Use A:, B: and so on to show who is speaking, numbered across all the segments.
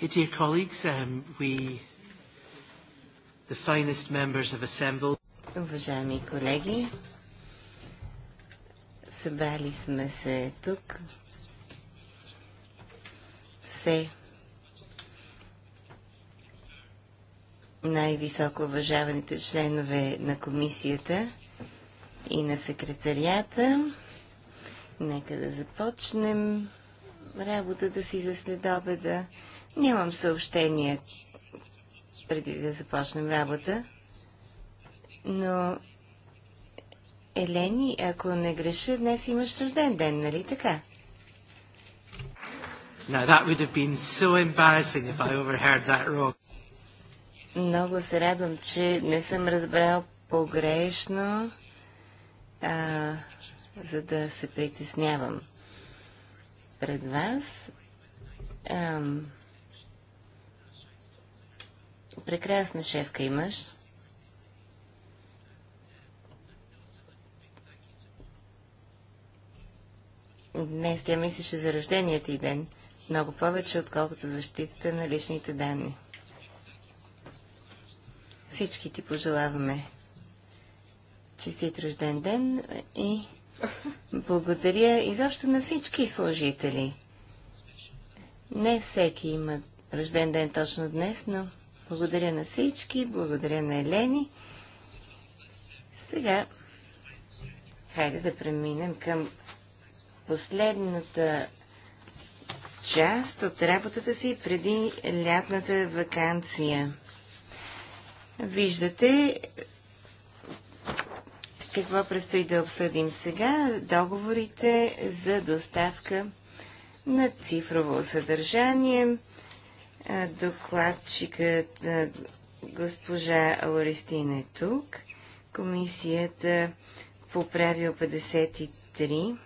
A: Okay, dear colleagues, um, we, the finest members have
B: assembled. Уважаеми колеги, събрали сме се тук. Все най-високо уважаваните членове на комисията и на секретарията. Нека да започнем работата си за следобеда. Нямам съобщения преди да започнем работа, но Елени, ако не греша, днес имаш рожден ден, нали така?
A: Now that would have been so embarrassing if I overheard that wrong.
B: Много се радвам, че не съм разбрал погрешно, а, за да се притеснявам пред вас. Ам, Прекрасна шефка имаш. Днес тя мислеше за рождения ти ден, много повече, отколкото защитата на личните данни. Всички ти пожелаваме честит рожден ден и благодаря изобщо на всички служители. Не всеки има рожден ден точно днес, но благодаря на всички, благодаря на Елени. Сега, хайде да преминем към последната част от работата си преди лятната вакансия. Виждате какво предстои да обсъдим сега. Договорите за доставка на цифрово съдържание. Докладчикът госпожа Лористина е тук. Комисията по правил 53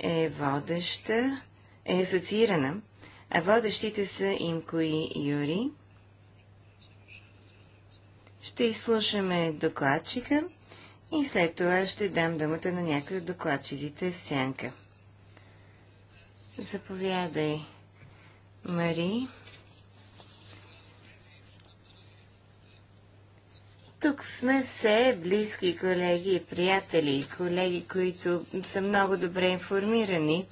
B: е водеща, е асоциирана, а водещите са Имко и Юри. Ще изслушаме докладчика и след това ще дам думата на някой от докладчиците в сянка. Заповядай, Мари. Тук сме все близки колеги и приятели, колеги, които са много добре информирани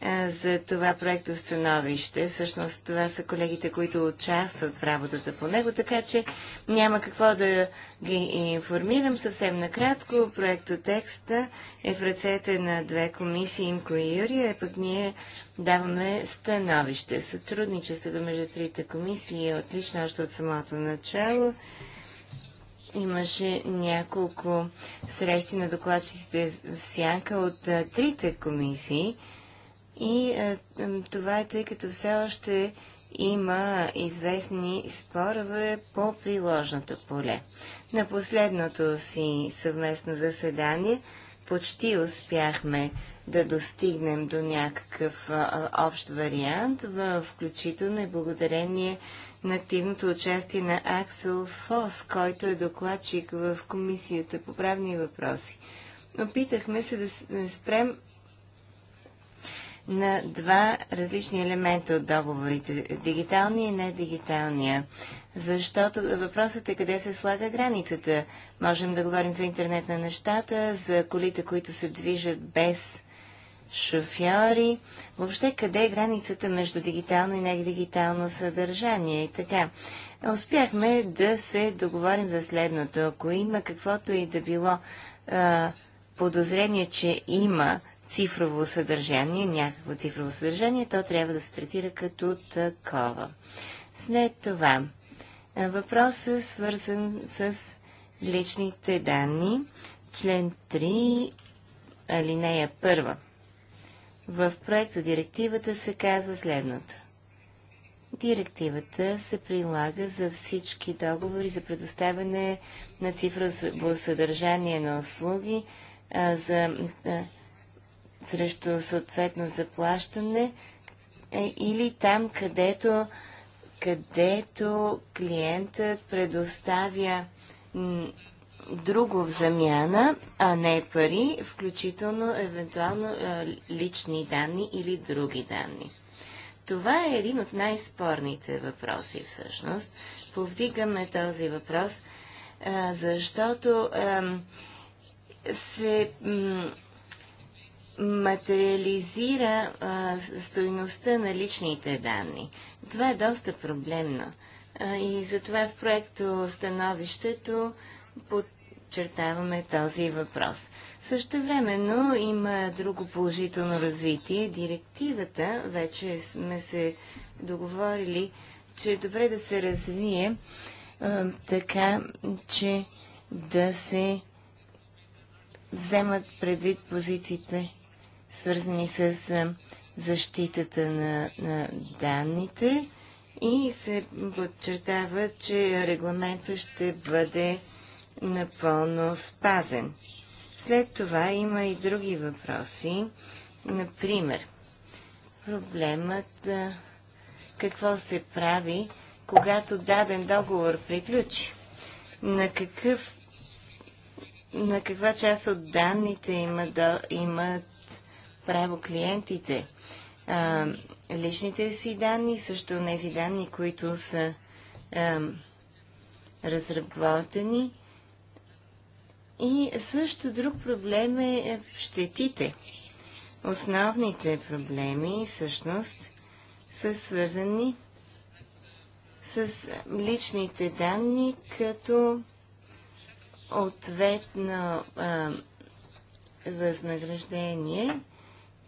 B: а, за това проекто становище. Всъщност това са колегите, които участват в работата по него, така че няма какво да ги информирам. Съвсем накратко, проекто текста е в ръцете на две комисии, Имко и Юрия, пък ние даваме становище. Сътрудничеството между трите комисии е отлично още от самото начало. Имаше няколко срещи на докладчиците в сянка от а, трите комисии и а, това е тъй като все още има известни спорове по приложното поле. На последното си съвместно заседание почти успяхме да достигнем до някакъв а, общ вариант, в, включително и благодарение на активното участие на Аксел Фос, който е докладчик в Комисията по правни въпроси. Опитахме се да спрем на два различни елемента от договорите – дигиталния и недигиталния. Защото въпросът е къде се слага границата. Можем да говорим за интернет на нещата, за колите, които се движат без шофьори, въобще къде е границата между дигитално и недигитално съдържание и така. Успяхме да се договорим за следното. Ако има каквото и да било а, подозрение, че има цифрово съдържание, някакво цифрово съдържание, то трябва да се третира като такова. След това, въпросът е свързан с личните данни, член 3, алинея в проекто директивата се казва следното. Директивата се прилага за всички договори за предоставяне на цифрово съдържание на услуги а, за, а, срещу съответно заплащане а, е, или там, където, където клиентът предоставя друго в замяна, а не пари, включително евентуално лични данни или други данни. Това е един от най-спорните въпроси всъщност. Повдигаме този въпрос, защото се материализира стоеността стоиността на личните данни. Това е доста проблемно. И затова в проекто становището под подчертаваме този въпрос. Също времено има друго положително развитие. Директивата, вече сме се договорили, че е добре да се развие а, така, че да се вземат предвид позициите, свързани с защитата на, на данните и се подчертава, че регламентът ще бъде напълно спазен. След това има и други въпроси. Например, проблемът какво се прави, когато даден договор приключи. На, какъв, на каква част от данните има, до, имат право клиентите? А, личните си данни, също тези данни, които са а, разработени и също друг проблем е, е щетите. Основните проблеми всъщност са свързани с личните данни като ответно а, възнаграждение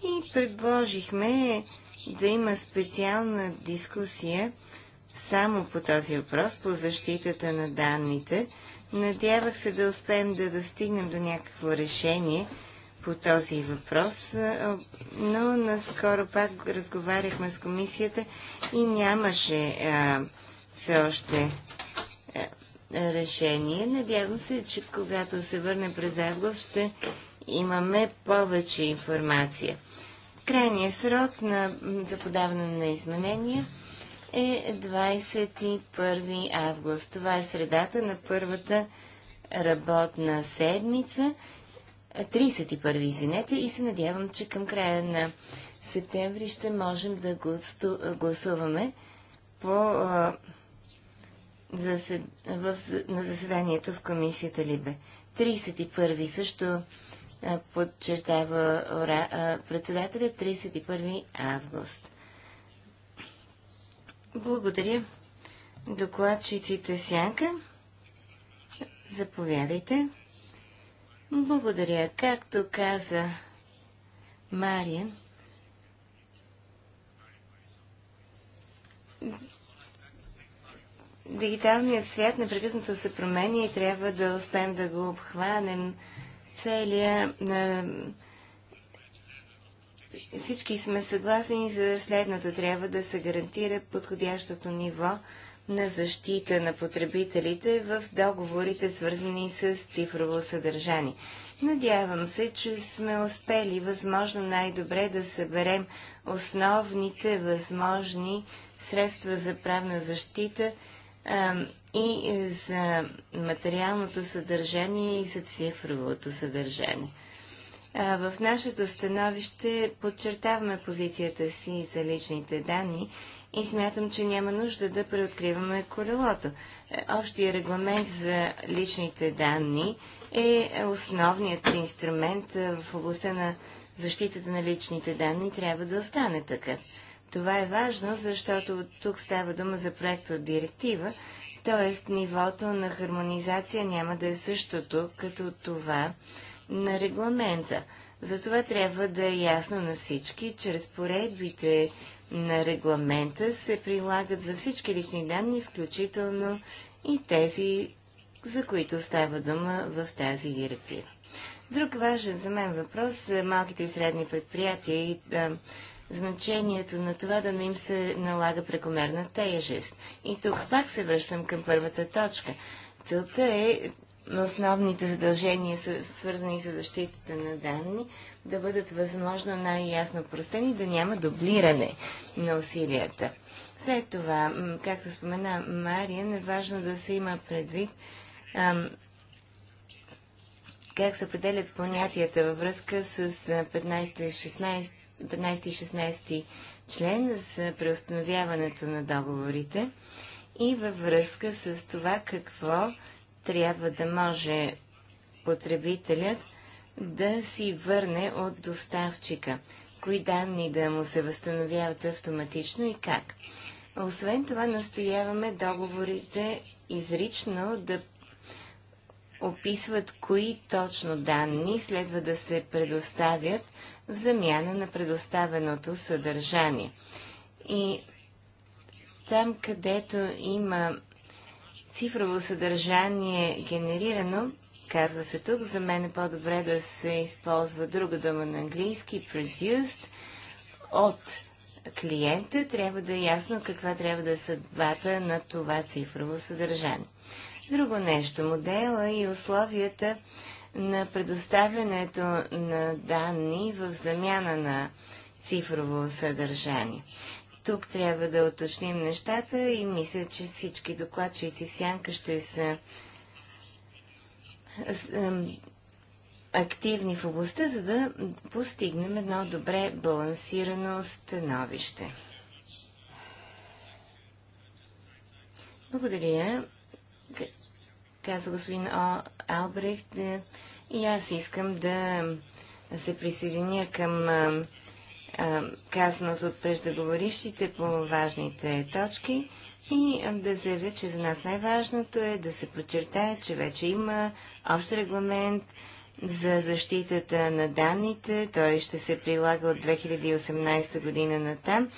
B: и предложихме да има специална дискусия само по този въпрос, по защитата на данните, Надявах се да успеем да достигнем до някакво решение по този въпрос, но наскоро пак разговаряхме с комисията и нямаше а, все още а, решение. Надявам се, че когато се върне през август ще имаме повече информация. Крайният срок на, за подаване на изменения е 21 август. Това е средата на първата работна седмица. 31, извинете, и се надявам, че към края на септември ще можем да гласуваме по, а, засед... в... на заседанието в комисията Либе. 31 също подчертава председателя 31 август. Благодаря. Докладчиците Сянка, заповядайте. Благодаря. Както каза Мария, дигиталният свят непрекъснато се променя и трябва да успеем да го обхванем целия на всички сме съгласни за следното. Трябва да се гарантира подходящото ниво на защита на потребителите в договорите, свързани с цифрово съдържание. Надявам се, че сме успели възможно най-добре да съберем основните възможни средства за правна защита а, и за материалното съдържание и за цифровото съдържание. В нашето становище подчертаваме позицията си за личните данни и смятам, че няма нужда да преоткриваме колелото. Е, общия регламент за личните данни е основният инструмент е, в областта на защитата на личните данни трябва да остане така. Това е важно, защото тук става дума за проект от директива, т.е. нивото на хармонизация няма да е същото като това на регламента. Затова трябва да е ясно на всички, че разпоредбите на регламента се прилагат за всички лични данни, включително и тези, за които става дума в тази директива. Друг важен за мен въпрос са малките и средни предприятия и да, значението на това да не им се налага прекомерна тежест. И тук пак се връщам към първата точка. Целта е основните задължения, свързани с защитата на данни, да бъдат възможно най-ясно простени, да няма дублиране на усилията. След това, както спомена Мария, е важно да се има предвид ам, как се определят понятията във връзка с 15 и 16, 15 и 16 член за преустановяването на договорите и във връзка с това какво трябва да може потребителят да си върне от доставчика, кои данни да му се възстановяват автоматично и как. Освен това, настояваме договорите изрично да описват кои точно данни следва да се предоставят в замяна на предоставеното съдържание. И там, където има цифрово съдържание генерирано, казва се тук, за мен е по-добре да се използва друга дума на английски, produced, от клиента, трябва да е ясно каква трябва да е съдбата на това цифрово съдържание. Друго нещо, модела и условията на предоставянето на данни в замяна на цифрово съдържание. Тук трябва да уточним нещата и мисля, че всички докладчици в сянка ще са активни в областта, за да постигнем едно добре балансирано становище. Благодаря, казва господин О. Албрехт. Е, и аз искам да се присъединя към казаното от преждеговорившите по важните точки и да заявя, че за нас най-важното е да се подчертая, че вече има общ регламент за защитата на данните. Той ще се прилага от 2018 година натам.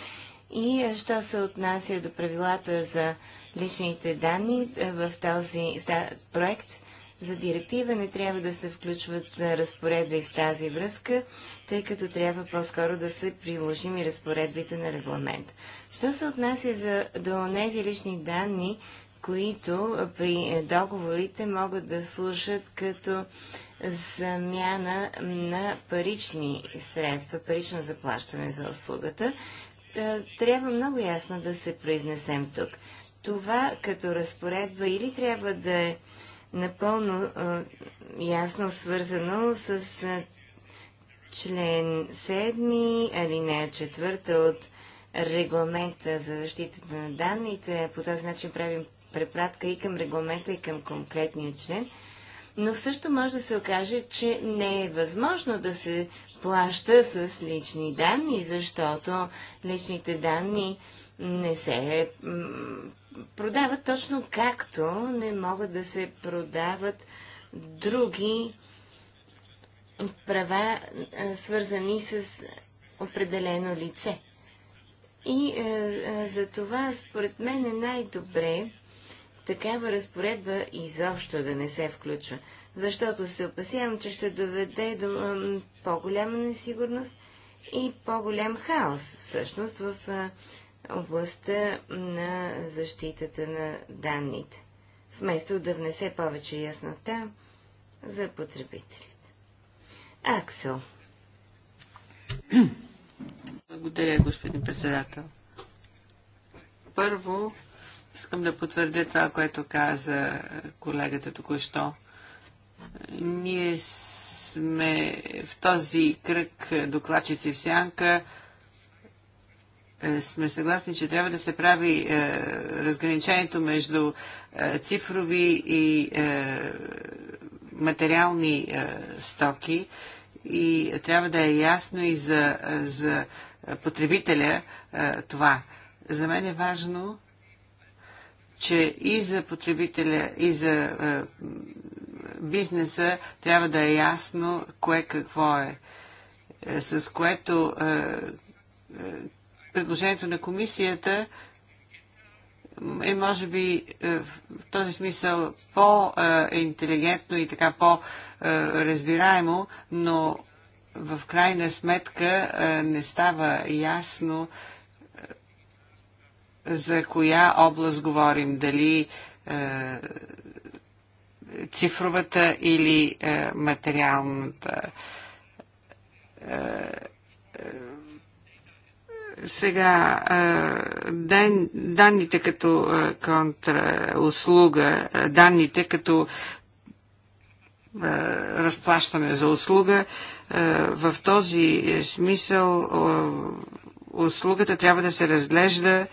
B: И що се отнася до правилата за личните данни в този в проект – за директива не трябва да се включват разпоредби в тази връзка, тъй като трябва по-скоро да се приложим и разпоредбите на регламент. Що се отнася за, до тези лични данни, които при договорите могат да служат като замяна на парични средства, парично заплащане за услугата, трябва много ясно да се произнесем тук. Това като разпоредба или трябва да е напълно а, ясно свързано с а, член 7, алинея 4 от регламента за защитата на данните. По този начин правим препратка и към регламента, и към конкретния член. Но също може да се окаже, че не е възможно да се плаща с лични данни, защото личните данни не се продават точно както не могат да се продават други права, свързани с определено лице. И е, за това, според мен, е най-добре такава разпоредба изобщо да не се включва, защото се опасявам, че ще доведе до по-голяма несигурност и по-голям хаос, всъщност, в областта на защитата на данните, вместо да внесе повече яснота
A: за потребителите. Аксел. Благодаря, господин председател. Първо, искам да потвърдя това, което каза колегата току-що. Ние сме в този кръг докладчици в сянка е, сме съгласни, че трябва да се прави е, разграничението между е, цифрови и е, материални е, стоки и трябва да е ясно и за, е, за потребителя е, това. За мен е важно, че и за потребителя, и за е, бизнеса трябва да е ясно кое какво е, е с което е, е предложението на комисията е, може би, е, в този смисъл по-интелигентно и така по-разбираемо, но в крайна сметка е, не става ясно е, за коя област говорим. Дали цифровата или материалната сега, данните като контрауслуга, данните като разплащане за услуга, в този смисъл услугата трябва да се разглежда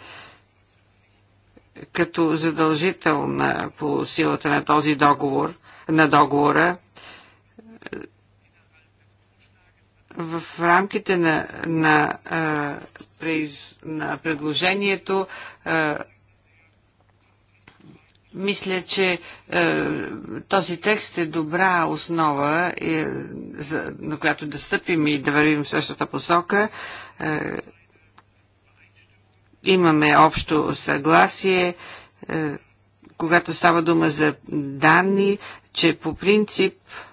A: като задължителна по силата на този договор, на договора в рамките на, на, а, на предложението а, мисля, че е, този текст е добра основа, е, за, на която да стъпим и да вървим в същата посока. Е, имаме общо съгласие, е, когато става дума за данни, че по принцип е,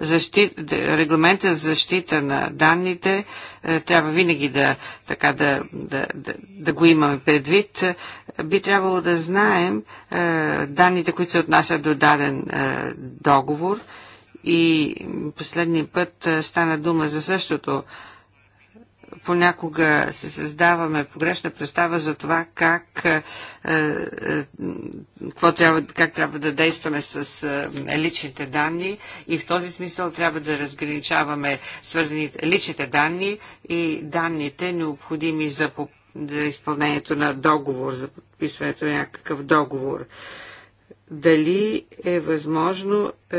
A: защит, регламента за защита на данните е, трябва винаги да, така, да, да, да, да го имаме предвид. Е, би трябвало да знаем е, данните, които се отнасят до даден договор. И последния път стана дума за същото понякога се създаваме погрешна представа за това как, е, е, какво трябва, как трябва да действаме с е, личните данни и в този смисъл трябва да разграничаваме свързаните личните данни и данните необходими за изпълнението на договор, за подписването на някакъв договор дали е възможно е,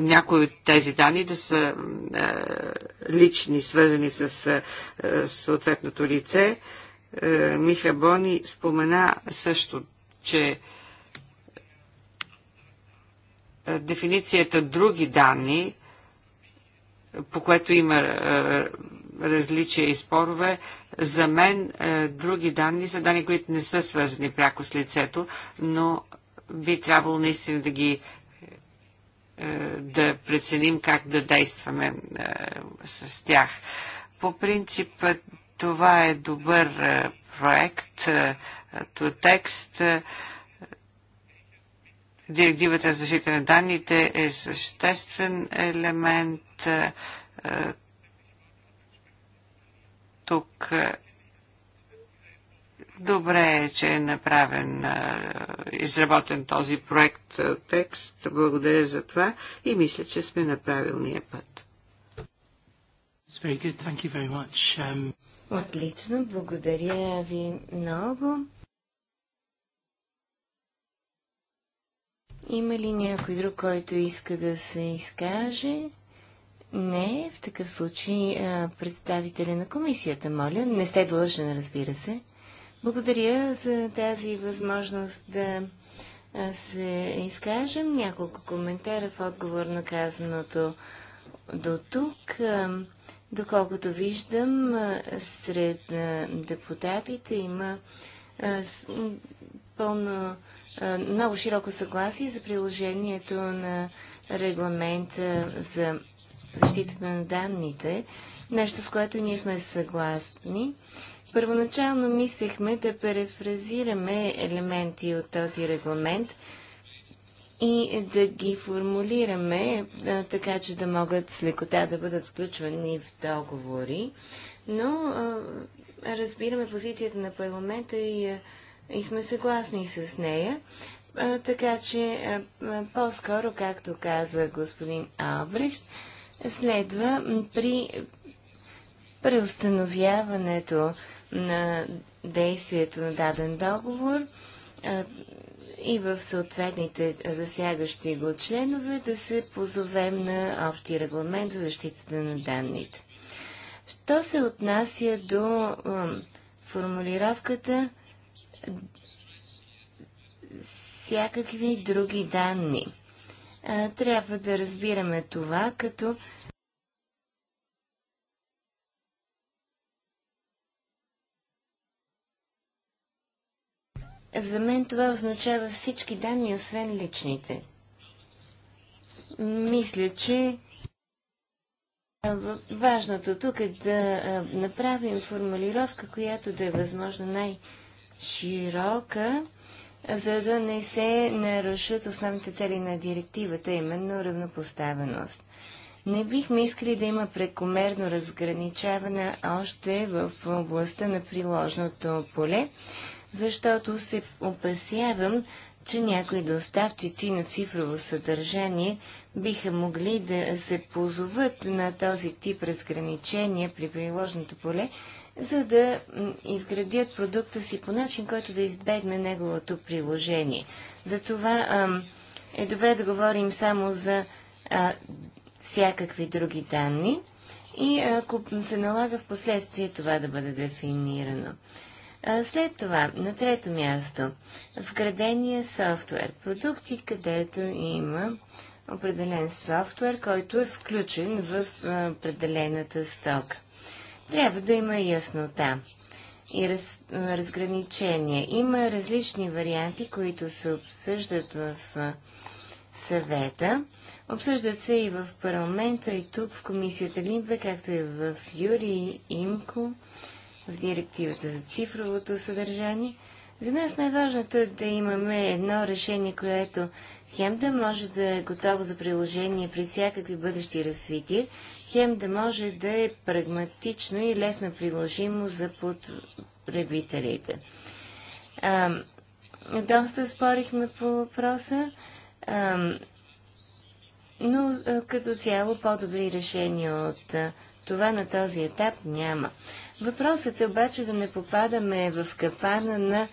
A: някои от тези данни да са е, лични, свързани с съответното лице. Миха Бони спомена също, че дефиницията други данни, по което има различия и спорове, за мен други данни са данни, които не са свързани пряко с лицето, но би трябвало наистина да ги е, да преценим как да действаме е, с тях. По принцип е, това е добър проект, текст. Директивата за защита на данните е съществен елемент. Тук Добре е, че е направен, изработен този проект текст. Благодаря за това и мисля, че сме на правилния път. Um...
B: Отлично, благодаря ви много. Има ли някой друг, който иска да се изкаже? Не, в такъв случай представителя на комисията, моля. Не сте длъжен, разбира се. Благодаря за тази възможност да се изкажем. Няколко коментара в отговор на казаното до тук. Доколкото виждам, сред депутатите има пълно, много широко съгласие за приложението на регламента за защитата на данните, нещо с което ние сме съгласни. Първоначално мислехме да перефразираме елементи от този регламент и да ги формулираме а, така, че да могат с лекота да бъдат включвани в договори, но а, разбираме позицията на парламента и, а, и сме съгласни с нея. А, така че по-скоро, както каза господин Албрехт, следва при преустановяването на действието на даден договор а, и в съответните засягащи го членове да се позовем на общия регламент за защитата на данните. Що се отнася до а, формулировката всякакви други данни? А, трябва да разбираме това като За мен това означава всички данни, освен личните. Мисля, че важното тук е да направим формулировка, която да е възможно най-широка, за да не се нарушат основните цели на директивата, именно равнопоставеност. Не бихме искали да има прекомерно разграничаване още в областта на приложното поле, защото се опасявам, че някои доставчици на цифрово съдържание биха могли да се позоват на този тип разграничения при приложното поле, за да изградят продукта си по начин, който да избегне неговото приложение. Затова е добре да говорим само за всякакви други данни и ако се налага в последствие това да бъде дефинирано. След това, на трето място, вградения софтуер. Продукти, където има определен софтуер, който е включен в определената стока. Трябва да има яснота и раз, разграничение. Има различни варианти, които се обсъждат в съвета. Обсъждат се и в парламента, и тук в комисията Лимбе, както и в Юрий Имко в директивата за цифровото съдържание. За нас най-важното е да имаме едно решение, което хем да може да е готово за приложение при всякакви бъдещи развития, хем да може да е прагматично и лесно приложимо за потребителите. доста спорихме по въпроса, а, но а, като цяло по-добри решения от а, това на този етап няма. Въпросът е обаче да не попадаме в капана на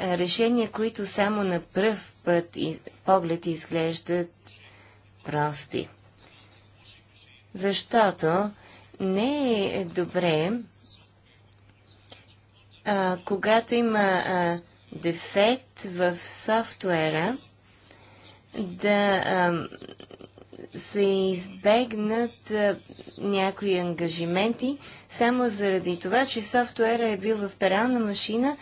B: решения, които само на пръв път и поглед изглеждат прости. Защото не е добре, а, когато има а, дефект в софтуера, да а, се избегнат някои ангажименти, само заради това, че софтуера е бил в перална машина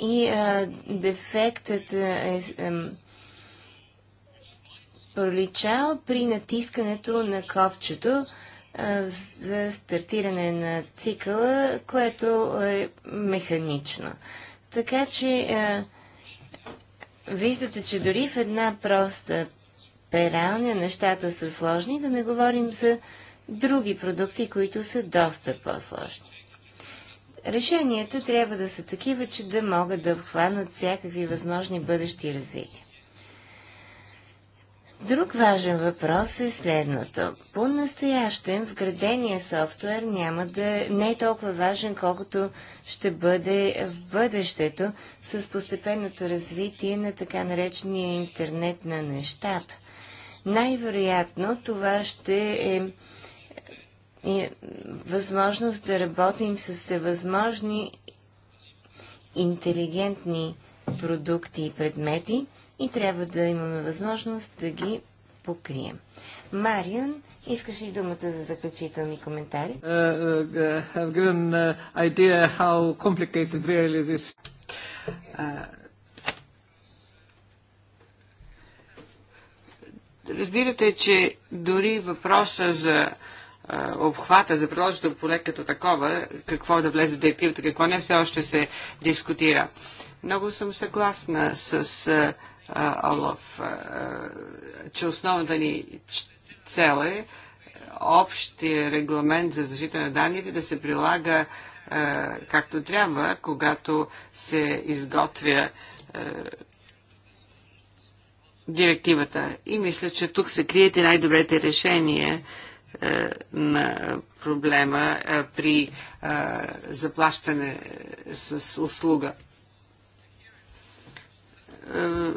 B: и а, дефектът е а, проличал при натискането на копчето а, за стартиране на цикъла, което е механично. Така че а, виждате, че дори в една проста пералня, нещата са сложни, да не говорим за други продукти, които са доста по-сложни. Решенията трябва да са такива, че да могат да обхванат всякакви възможни бъдещи развития. Друг важен въпрос е следното. По-настоящем вградения софтуер няма да не е толкова важен, колкото ще бъде в бъдещето с постепенното развитие на така наречения интернет на нещата. Най-вероятно това ще е, е, възможност да работим с всевъзможни интелигентни продукти и предмети и трябва да имаме възможност да ги покрием. Марион, искаш ли думата за заключителни коментари? Uh, uh,
A: uh Разбирате, че дори въпроса за обхвата за предложител поле като такова, какво да влезе в директивата, какво не, все още се дискутира. Много съм съгласна с Олаф, че основната ни цел е общия регламент за защита на данните да се прилага както трябва, когато се изготвя директивата. И мисля, че тук се крият и най-добрите решения е, на проблема е, при е, заплащане с услуга. Е,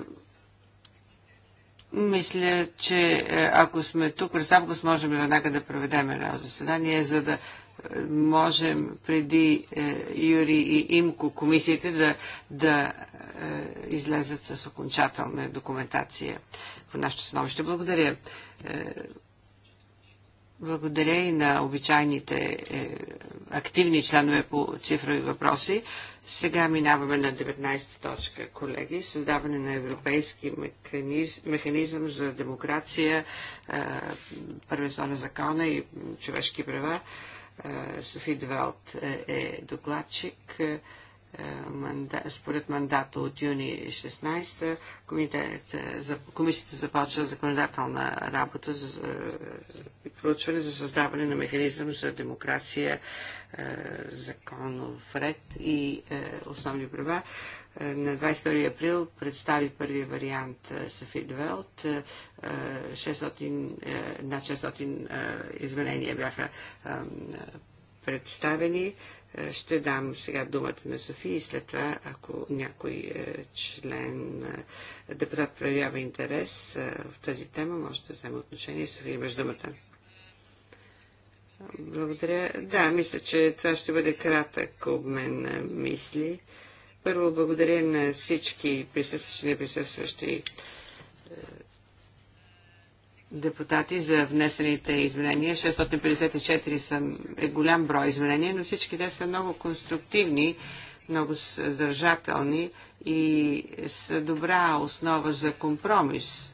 A: мисля, че е, ако сме тук през август, можем веднага да проведем едно заседание, за да можем преди е, Юри и Имко комисиите да, да е, излезат с окончателна документация по нашето становище. Благодаря. Е, благодаря и на обичайните активни членове по цифрови въпроси. Сега минаваме на 19-та точка, колеги. Създаване на европейски механизъм, механизъм за демокрация, първенство на закона и човешки права. Е, Софи Девелт е, е докладчик. Е, според мандата от юни 16 комисията започва законодателна работа за проучване за създаване на механизъм за демокрация, законов ред и основни права. Е, на 21 април представи първия вариант е, Софи Дуелт. Е, на 600 изменения бяха представени. Ще дам сега думата на София и след това, ако някой член, депутат проявява интерес в тази тема, може да вземе отношение. София, имаш думата. Благодаря. Да, мисля, че това ще бъде кратък обмен на мисли. Първо благодаря на всички присъстващи и неприсъстващи е, депутати за внесените изменения. 654 са, е голям брой изменения, но всички те са много конструктивни, много съдържателни и са добра основа за компромис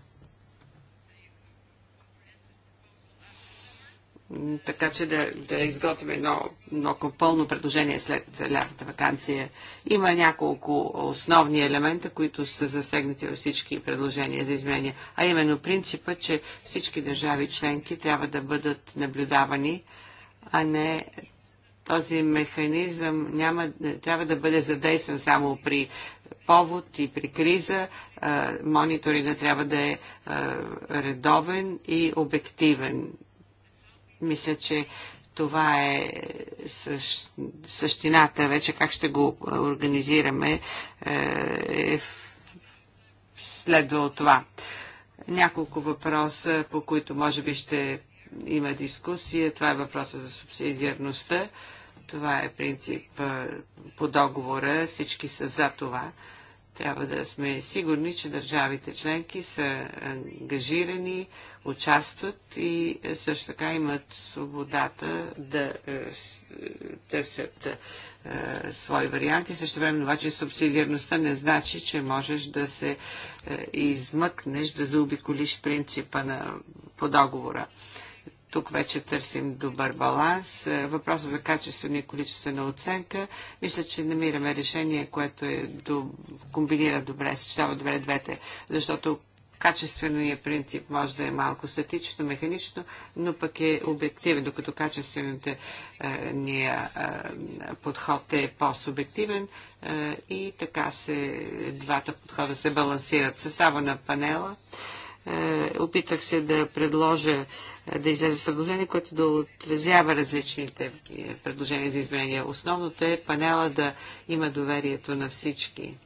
A: така че да, да изготвим едно, много пълно предложение след лятата вакансия. Има няколко основни елемента, които са засегнати във всички предложения за изменения, а именно принципа, че всички държави членки трябва да бъдат наблюдавани, а не този механизъм няма, трябва да бъде задействан само при повод и при криза. Мониторинга трябва да е редовен и обективен мисля, че това е същ, същината вече, как ще го организираме, е, е следва от това. Няколко въпроса, по които може би ще има дискусия. Това е въпроса за субсидиарността. Това е принцип по договора. Всички са за това. Трябва да сме сигурни, че държавите членки са ангажирани, участват и е, също така имат свободата да е, е, търсят свои варианти. Също време обаче субсидиарността не значи, че можеш да се измъкнеш, да заобиколиш принципа на, по договора. Тук вече търсим добър баланс. Въпросът за качествена и количествена оценка. Мисля, че намираме решение, което е до... комбинира добре, съчетава добре двете. Защото качественият е принцип може да е малко статично, механично, но пък е обективен, докато качественото е, ние подход е по-субективен е, и така се двата подхода се балансират. Състава на панела опитах се да предложа, да излезе предложение, което да отразява различните предложения за изменения. Основното е панела да има доверието на всички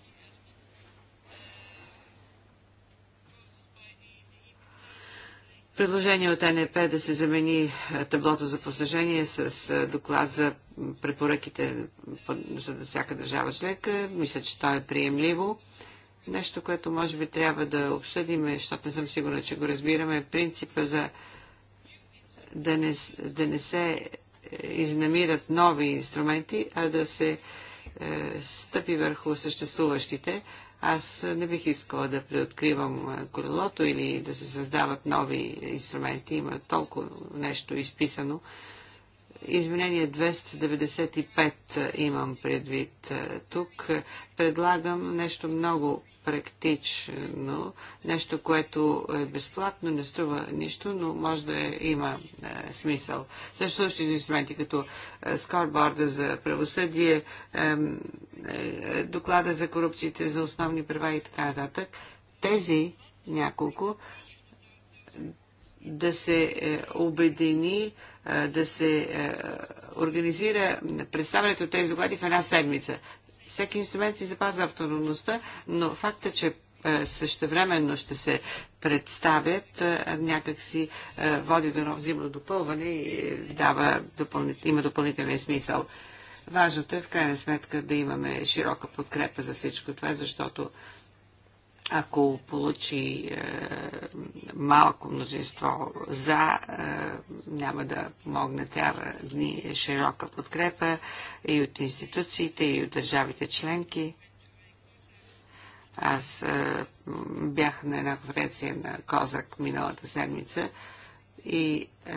A: Предложение от НЕП да се замени е, таблото за посъжение с е, доклад за препоръките за всяка държава членка. Мисля, че това е приемливо. Нещо, което може би трябва да обсъдим, е, защото не съм сигурна, че го разбираме, е принципа за да не, да не се изнамират нови инструменти, а да се е, стъпи върху съществуващите, аз не бих искала да преоткривам колелото или да се създават нови инструменти. Има толкова нещо изписано. Изменение 295 имам предвид тук. Предлагам нещо много практично, нещо, което е безплатно, не струва нищо, но може да има е, смисъл. Също същи инструменти, като е, скорборда за правосъдие, е, е, доклада за корупциите, за основни права и така нататък, тези няколко да се е, обедини, е, да се е, организира представянето тези доклади в една седмица. Всеки инструмент си запазва автономността, но факта, че е, същевременно ще се представят, е, някакси е, води до едно взаимно допълване и дава, има допълнителен смисъл. Важното е в крайна сметка да имаме широка подкрепа за всичко това, защото ако получи е, малко мнозинство за, е, няма да помогне. Трябва дни широка подкрепа и от институциите, и от държавите членки. Аз е, бях на една конференция на Козак миналата седмица и е,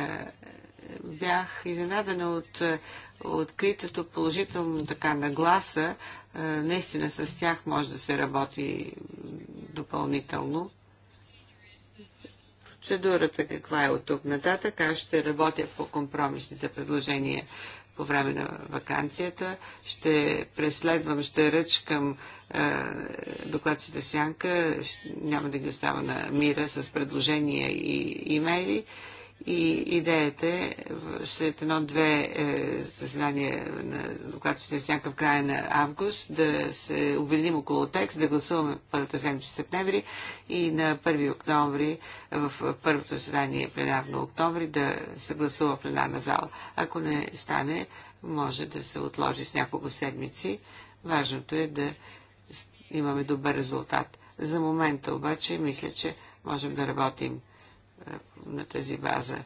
A: бях изненадана от е, откритото положително така нагласа. Е, наистина с тях може да се работи допълнително. Процедурата каква е от тук нататък? Аз ще работя по компромисните предложения по време на вакансията. Ще преследвам, ще ръчкам е, докладците Сянка. Няма да ги остава на мира с предложения и имейли. Е, и идеята е след едно-две е, заседания на докладчите с в края на август да се обединим около текст, да гласуваме първата седмица септември и на 1 октомври в първото заседание пленарно октомври да се гласува в пленарна зала. Ако не стане, може да се отложи с няколко седмици. Важното е да имаме добър резултат. За момента обаче мисля, че можем да работим е, на тази база.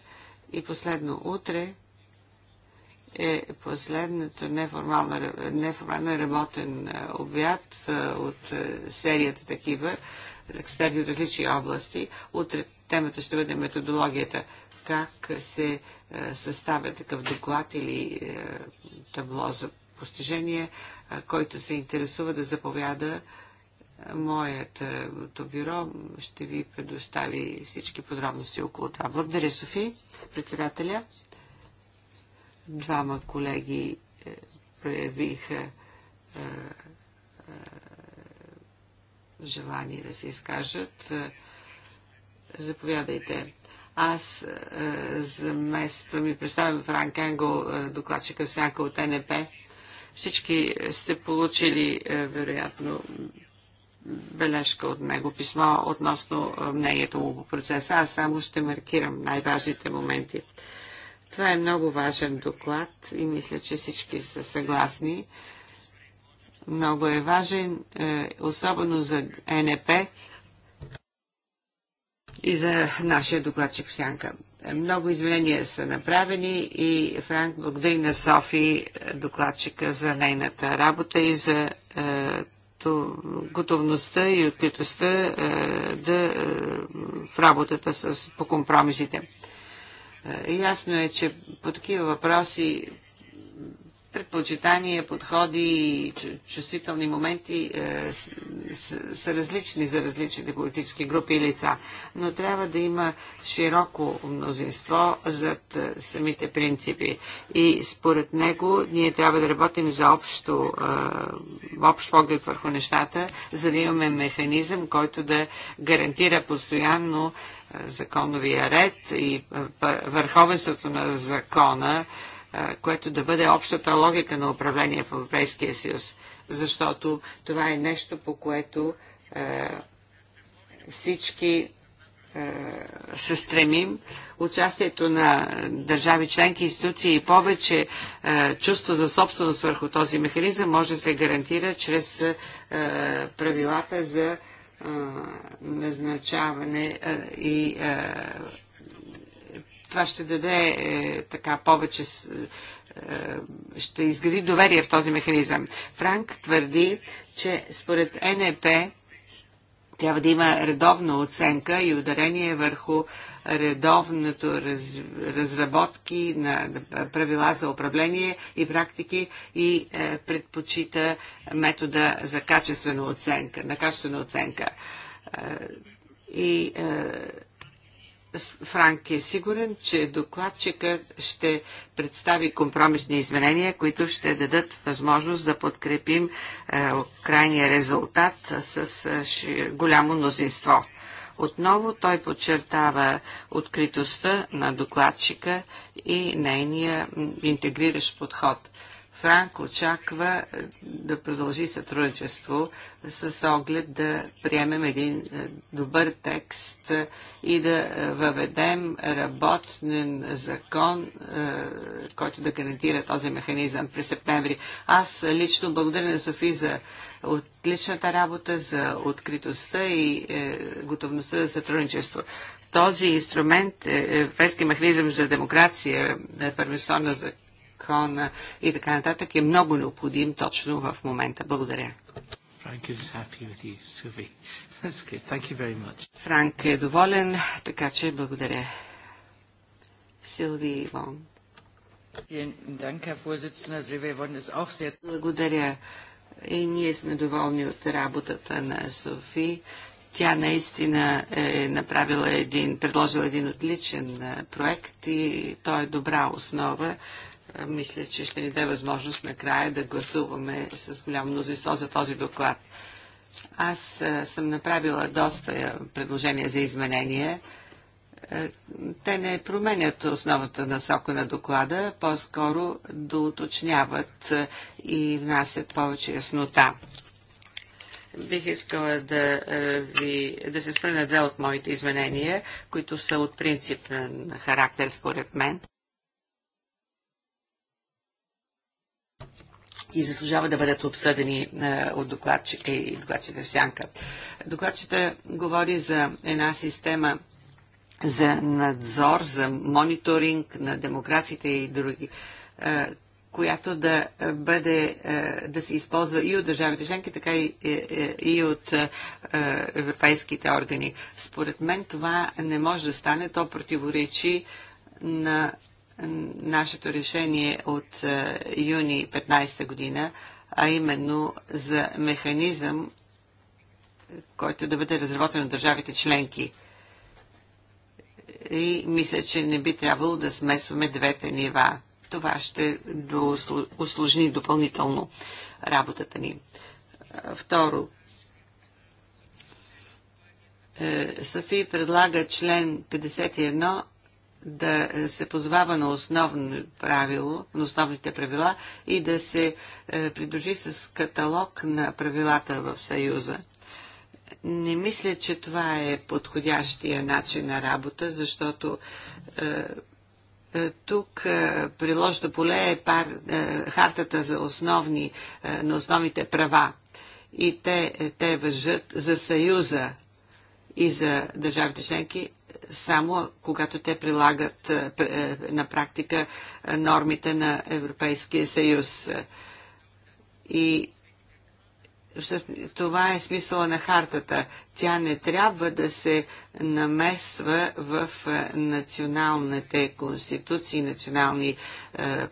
A: И последно, утре е последната неформална, неформална работен е, обяд е, от серията такива, експерти от различни области. Утре темата ще бъде методологията. Как се съставя такъв доклад или табло за постижение, който се интересува да заповяда моето бюро ще ви предостави всички подробности около това. Благодаря, Софи, председателя. Двама колеги е, проявиха е, е, желание да се изкажат. Заповядайте. Аз замествам и представям Франк Енгел, докладчика всяка от НП. Всички сте получили, вероятно, бележка от него, писмо относно мнението му по процеса. Аз само ще маркирам най-важните моменти. Това е много важен доклад и мисля, че всички са съгласни. Много е важен, е, особено за НП и за нашия докладчик Сянка. Много извинения са направени и Франк благодари на Софи е, докладчика за нейната работа и за е, готовността и откритостта е, да, е, в работата с, по компромисите. Е, ясно е, че по такива въпроси предпочитания, подходи и чувствителни моменти е, са различни за различните политически групи и лица. Но трябва да има широко мнозинство зад е, самите принципи. И според него ние трябва да работим за общо, е, общ поглед върху нещата, за да имаме механизъм, който да гарантира постоянно е, законовия ред и е, върховенството на закона което да бъде общата логика на управление в Европейския съюз, защото това е нещо, по което всички се стремим. Участието на държави, членки, институции и повече чувство за собственост върху този механизъм може да се гарантира чрез правилата за назначаване и това ще даде е, така повече е, е, ще изгради доверие в този механизъм. Франк твърди, че според НЕП трябва да има редовна оценка и ударение върху редовното раз, разработки на правила за управление и практики и е, предпочита метода за качествена оценка, на качествена оценка. Е, и е, Франк е сигурен, че докладчикът ще представи компромисни изменения, които ще дадат възможност да подкрепим е, крайния резултат с е, голямо мнозинство. Отново той подчертава откритостта на докладчика и нейния интегриращ подход. Франк очаква е, да продължи сътрудничество с оглед да приемем един добър текст, и да въведем работен закон, е, който да гарантира този механизъм през септември. Аз лично благодаря на Софи за отличната работа, за откритостта и е, готовността за сътрудничество този инструмент, е, Европейски механизъм за демокрация, първенство на закона и така нататък е много необходим точно в момента. Благодаря. You, Франк е доволен, така че благодаря. Силви Ивон. Благодаря. И ние сме доволни от работата на Софи. Тя наистина е направила един, предложила един отличен проект и той е добра основа. Мисля, че ще ни даде възможност накрая да гласуваме с голямо мнозинство за този доклад. Аз е, съм направила доста е, предложения за изменение. Е, те не променят основната насока на доклада, по-скоро доуточняват и внасят повече яснота. Бих искала да, ви, да се спра на две от моите изменения, които са от на характер според мен. и заслужава да бъдат обсъдени е, от докладчика и докладчите в сянка. Докладчета говори за една система за надзор, за мониторинг на демокрациите и други е, която да бъде, е, да се използва и от държавите членки, така и, и, и от европейските органи. Според мен това не може да стане, то противоречи на нашето решение от е, юни 15 година, а именно за механизъм, който да бъде разработен от държавите членки. И мисля, че не би трябвало да смесваме двете нива. Това ще усложни допълнително работата ни. Второ, е, Софи предлага член 51 да се позвава на основно правило, на основните правила и да се е, придружи с каталог на правилата в Съюза. Не мисля, че това е подходящия начин на работа, защото е, е, тук приложно поле е пар, хартата за основни, на основните права. И те, те въжат за Съюза и за държавите членки, само когато те прилагат е, е, на практика е, нормите на Европейския съюз. И това е смисъла на хартата. Тя не трябва да се намесва в националните конституции, национални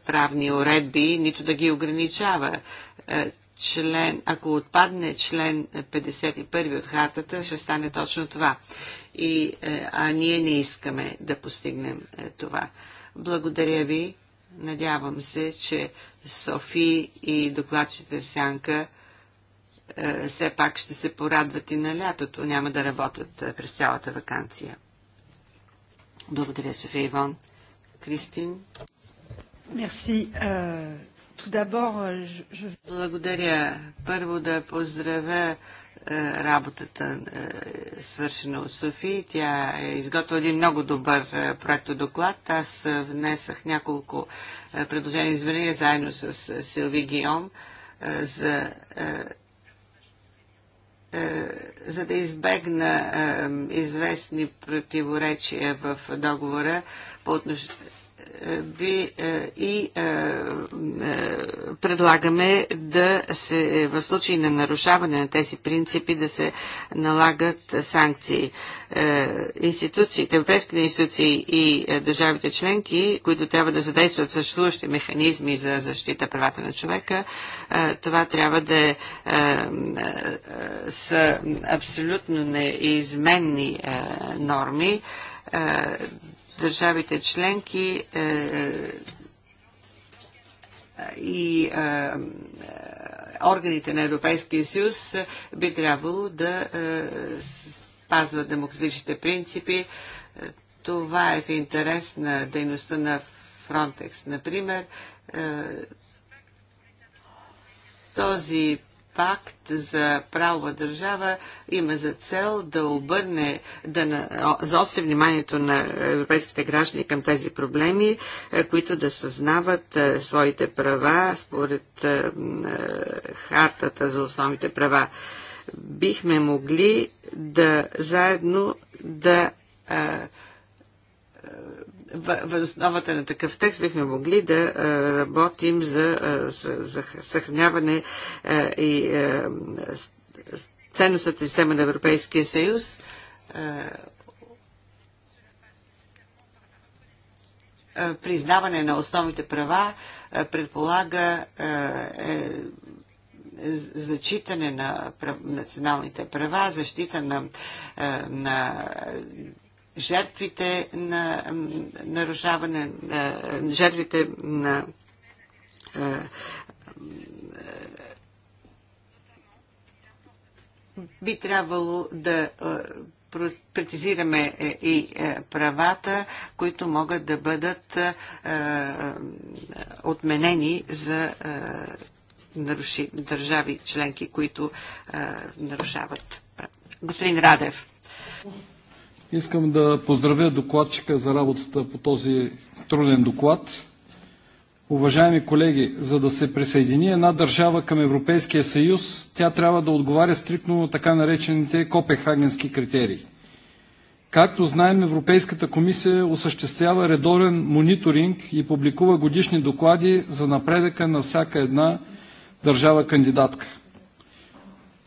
A: правни уредби, нито да ги ограничава. член, ако отпадне член 51 от хартата, ще стане точно това и, е, а ние не искаме да постигнем е, това. Благодаря ви. Надявам се, че Софи и докладчите в Сянка е, все пак ще се порадват и на лятото. Няма да работят през цялата вакансия. Благодаря, София Ивон. Кристин. Мерси. Благодаря. Първо да поздравя е, работата е, свършена от Софи. Тя е изготвила един много добър е, проектодоклад. Аз внесах няколко предложения извинения заедно с Силви Гиом за за да избегна известни противоречия в договора по отношение би е, и е, е, предлагаме да се в случай на нарушаване на тези принципи да се налагат санкции. Институциите, европейските институции и държавите членки, които трябва да задействат съществуващи механизми за защита правата на човека, това трябва да е, са абсолютно неизменни норми държавите членки е, е, и е, органите на Европейския съюз би трябвало да спазват демократичните принципи. Това е в интерес на дейността на Фронтекс, например. Този пакт за правова държава има за цел да обърне, да на, заостри вниманието на европейските граждани към тези проблеми, е, които да съзнават е, своите права според е, хартата за основните права. Бихме могли да заедно да основата на такъв текст бихме могли да работим за, за, за съхраняване и ценностната система на Европейския съюз. Признаване на основните права предполага е, зачитане на националните права, защита на, на жертвите на нарушаване, на, жертвите на би трябвало да прецизираме е, и е, правата, които могат да бъдат отменени за наруши, държави членки, които нарушават. Господин Радев.
C: Искам да поздравя докладчика за работата по този труден доклад. Уважаеми колеги, за да се присъедини една държава към Европейския съюз, тя трябва да отговаря стрикно на така наречените копенхагенски критерии. Както знаем, Европейската комисия осъществява редовен мониторинг и публикува годишни доклади за напредъка на всяка една държава кандидатка.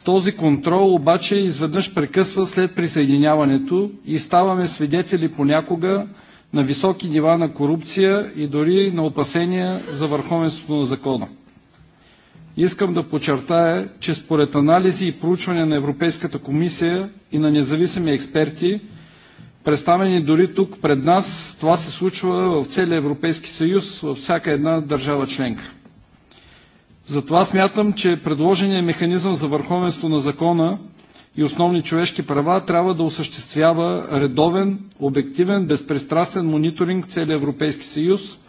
C: Този контрол обаче изведнъж прекъсва след присъединяването и ставаме свидетели понякога на високи нива на корупция и дори на опасения за върховенството на закона. Искам да подчертая, че според анализи и проучвания на Европейската комисия и на независими експерти, представени дори тук пред нас, това се случва в целия Европейски съюз, във всяка една държава членка. Затова смятам, че предложеният механизъм за върховенство на закона и основни човешки права трябва да осъществява редовен, обективен, безпристрастен мониторинг целия Европейски съюз,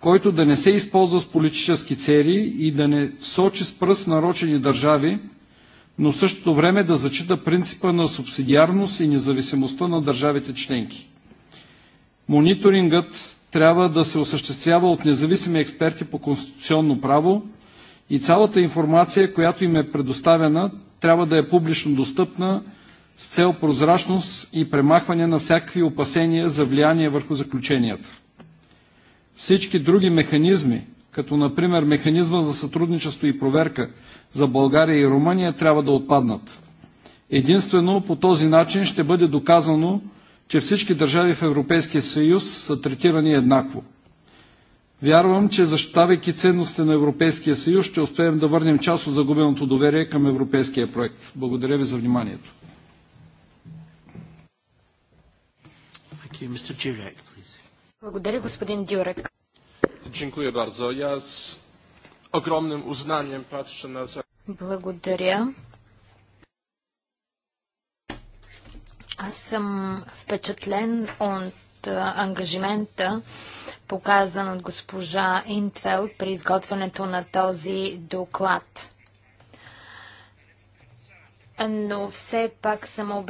C: който да не се използва с политически цели и да не сочи с пръст нарочени държави, но в същото време да зачита принципа на субсидиарност и независимостта на държавите членки. Мониторингът трябва да се осъществява от независими експерти по конституционно право – и цялата информация, която им е предоставена, трябва да е публично достъпна с цел прозрачност и премахване на всякакви опасения за влияние върху заключенията. Всички други механизми, като например механизма за сътрудничество и проверка за България и Румъния, трябва да отпаднат. Единствено по този начин ще бъде доказано, че всички държави в Европейския съюз са третирани еднакво – Вярвам, че защитавайки ценностите на Европейския съюз, ще успеем да върнем част от загубеното доверие към европейския проект. Благодаря ви за вниманието.
D: Благодаря, господин Дюрек. Благодаря. Аз съм впечатлен от ангажимента показан от госпожа Интвел при изготвянето на този доклад. Но все пак съм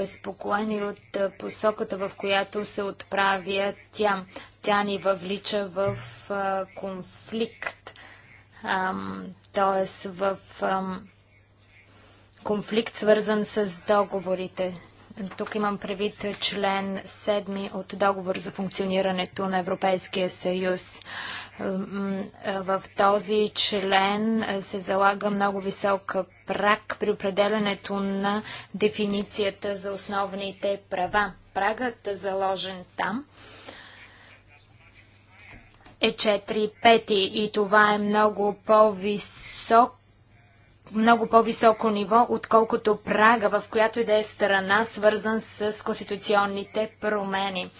D: и от посоката, в която се отправя тя. Тя ни въвлича в конфликт, т.е. в конфликт свързан с договорите. Тук имам предвид член 7 от договор за функционирането на Европейския съюз. В този член се залага много висок прак при определенето на дефиницията за основните права. Прагът, заложен там, е 4 пети и това е много по-висок много по-високо ниво, отколкото прага, в която и да е страна, свързан с конституционните промени.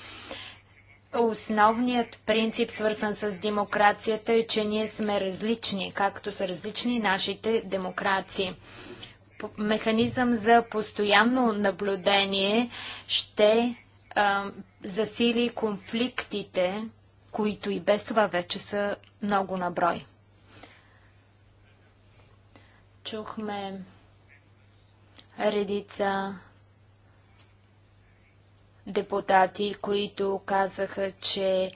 D: Основният принцип, свързан с демокрацията, е, че ние сме различни, както са различни нашите демокрации. Механизъм за постоянно наблюдение ще а, засили конфликтите, които и без това вече са много наброй. Чухме редица депутати, които казаха, че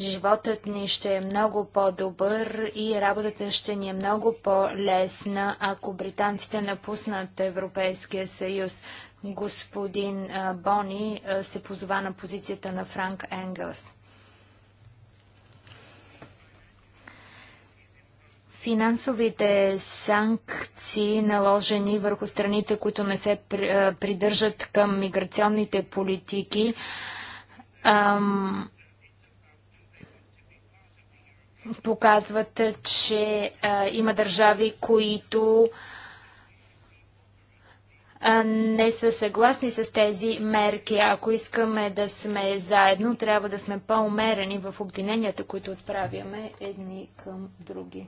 D: животът ни ще е много по-добър и работата ще ни е много по-лесна, ако британците напуснат Европейския съюз. Господин Бони се позова на позицията на Франк Енгелс. Финансовите санкции, наложени върху страните, които не се придържат към миграционните политики, ам, показват, че а, има държави, които а, не са съгласни с тези мерки. Ако искаме да сме заедно, трябва да сме по-умерени в обвиненията, които отправяме едни към други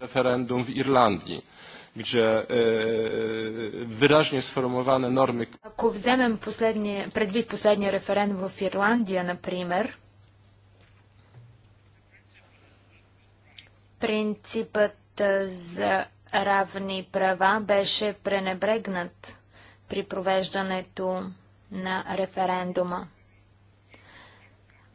C: referendum w Irlandii, gdzie e, e, wyraźnie sformułowane normy...
D: Ако вземем последния, предвид последния референдум в Ирландия, например, принципът е, за равни права беше пренебрегнат при провеждането на референдума.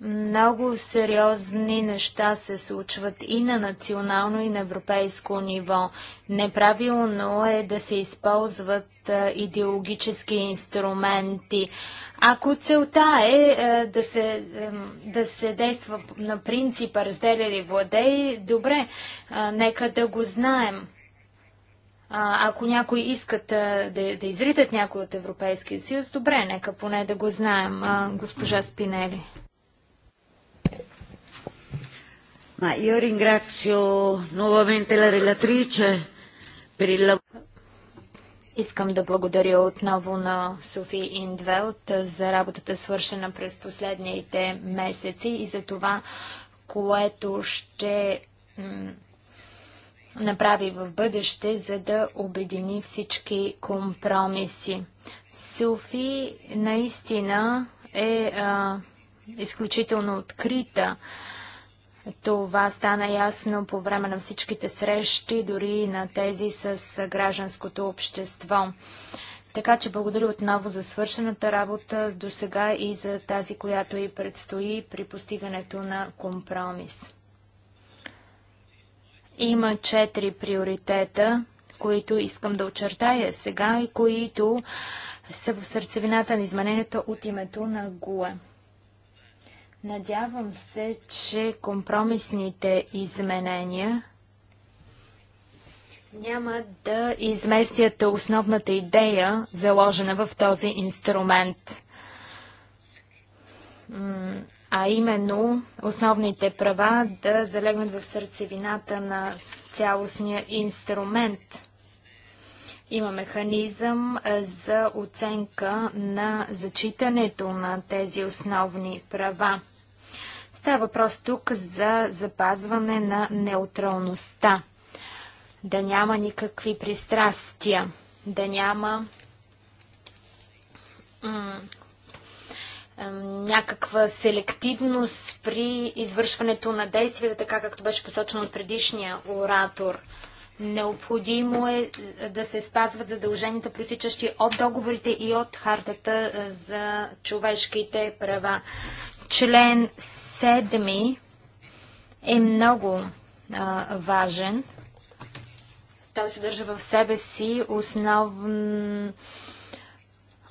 D: Много сериозни неща се случват и на национално, и на европейско ниво. Неправилно е да се използват идеологически инструменти. Ако целта е да се, да се действа на принципа разделяли владей, добре, нека да го знаем. Ако някой искат да, да изритат някой от Европейския съюз, добре, нека поне да го знаем, госпожа Спинели. Ma io ringrazio nuovamente la relatrice per il lavoro. Искам да благодаря отново на Софи Индвелт за работата свършена през последните месеци и за това, което ще направи в бъдеще, за да обедини всички компромиси. Софи наистина е а, изключително открита. Това стана ясно по време на всичките срещи, дори и на тези с гражданското общество. Така че благодаря отново за свършената работа до сега и за тази, която и предстои при постигането на компромис. Има четири приоритета, които искам да очертая сега и които са в сърцевината на измененията от името на ГУЕ. Надявам се, че компромисните изменения няма да изместят основната идея, заложена в този инструмент, а именно основните права да залегнат в сърцевината на цялостния инструмент. Има механизъм за оценка на зачитането на тези основни права. Става въпрос тук за запазване на неутралността. Да няма никакви пристрастия. Да няма някаква селективност при извършването на действията, така както беше посочено от предишния оратор. Необходимо е, е да се спазват задълженията, проистичащи от договорите и от хартата е, за човешките права. Член седми е много а, важен. Той съдържа в себе си основн...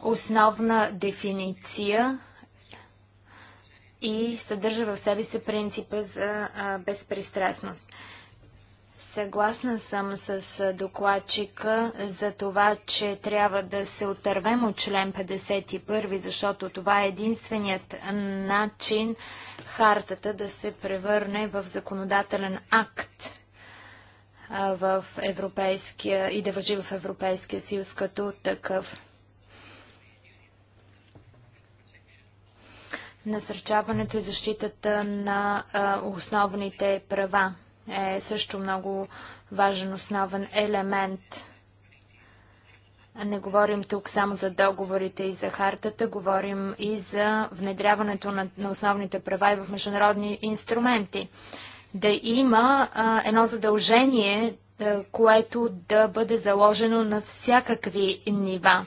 D: основна дефиниция и съдържа в себе си принципа за а, безпристрастност. Съгласна съм с докладчика за това, че трябва да се отървем от член 51, защото това е единственият начин хартата да се превърне в законодателен акт в Европейския и да въжи в Европейския съюз като такъв. Насърчаването и защитата на основните права е също много важен основен елемент. Не говорим тук само за договорите и за хартата, говорим и за внедряването на, на основните права и в международни инструменти. Да има а, едно задължение, а, което да бъде заложено на всякакви нива.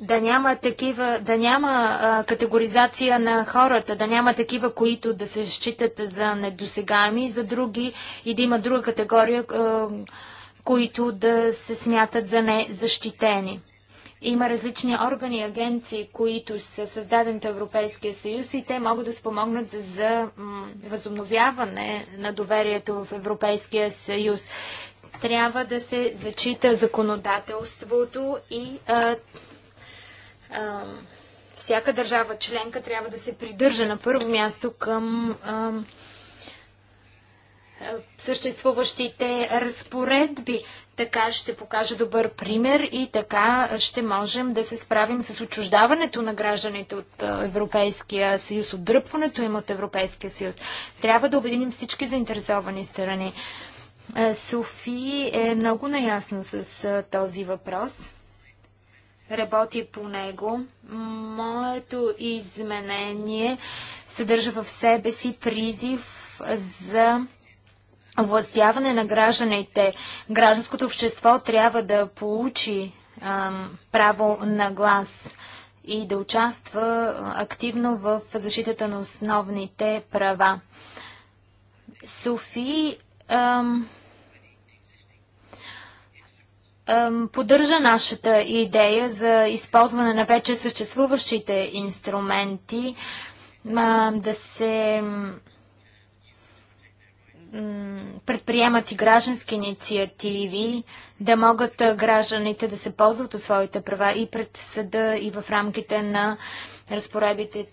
D: да няма такива, да няма а, категоризация на хората, да няма такива, които да се считат за недосегаеми, за други и да има друга категория, а, които да се смятат за незащитени. Има различни органи и агенции, които са създадени от Европейския съюз и те могат да спомогнат за, за възобновяване на доверието в Европейския съюз. Трябва да се зачита законодателството и а, всяка държава членка трябва да се придържа на първо място към съществуващите разпоредби. Така ще покажа добър пример и така ще можем да се справим с отчуждаването на гражданите от Европейския съюз, от дръпването им от Европейския съюз. Трябва да обединим всички заинтересовани страни. Софи е много наясно с този въпрос работи по него. Моето изменение съдържа в себе си призив за властяване на гражданите. Гражданското общество трябва да получи а, право на глас и да участва активно в защитата на основните права. Софи поддържа нашата идея за използване на вече съществуващите инструменти, да се предприемат и граждански инициативи, да могат гражданите да се ползват от своите права и пред съда, и в рамките на разпоредбите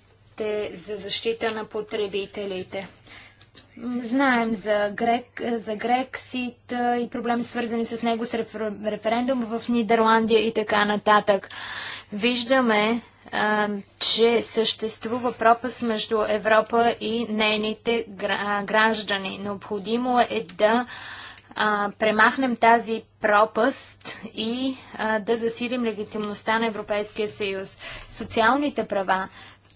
D: за защита на потребителите. Знаем за, Грек, за Грексит и проблеми свързани с него с референдум в Нидерландия и така нататък. Виждаме, а, че съществува пропаст между Европа и нейните граждани. Необходимо е да а, премахнем тази пропаст и а, да засилим легитимността на Европейския съюз. Социалните права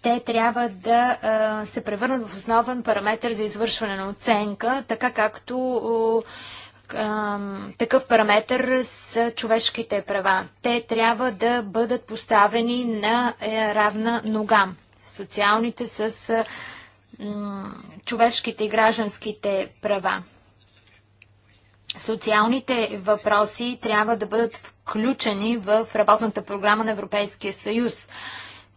D: те трябва да а, се превърнат в основен параметр за извършване на оценка, така както а, такъв параметр с човешките права. Те трябва да бъдат поставени на е, равна нога. Социалните с а, м, човешките и гражданските права. Социалните въпроси трябва да бъдат включени в работната програма на Европейския съюз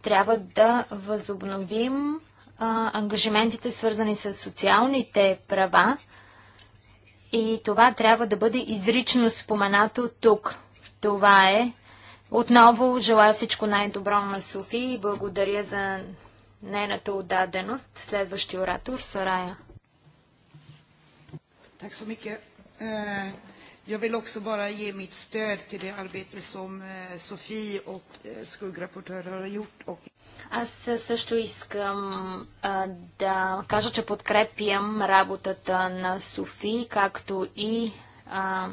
D: трябва да възобновим а, ангажиментите, свързани с социалните права. И това трябва да бъде изрично споменато тук. Това е. Отново желая всичко най-добро на Софи и благодаря за нейната отдаденост. Следващи оратор Сарая. Так Сумике. Jag vill också bara ge mitt stöd till det arbete som Sofie och skuggrapportörer har gjort. Och... Аз също искам а, да кажа, че подкрепям работата на Софи, както и а,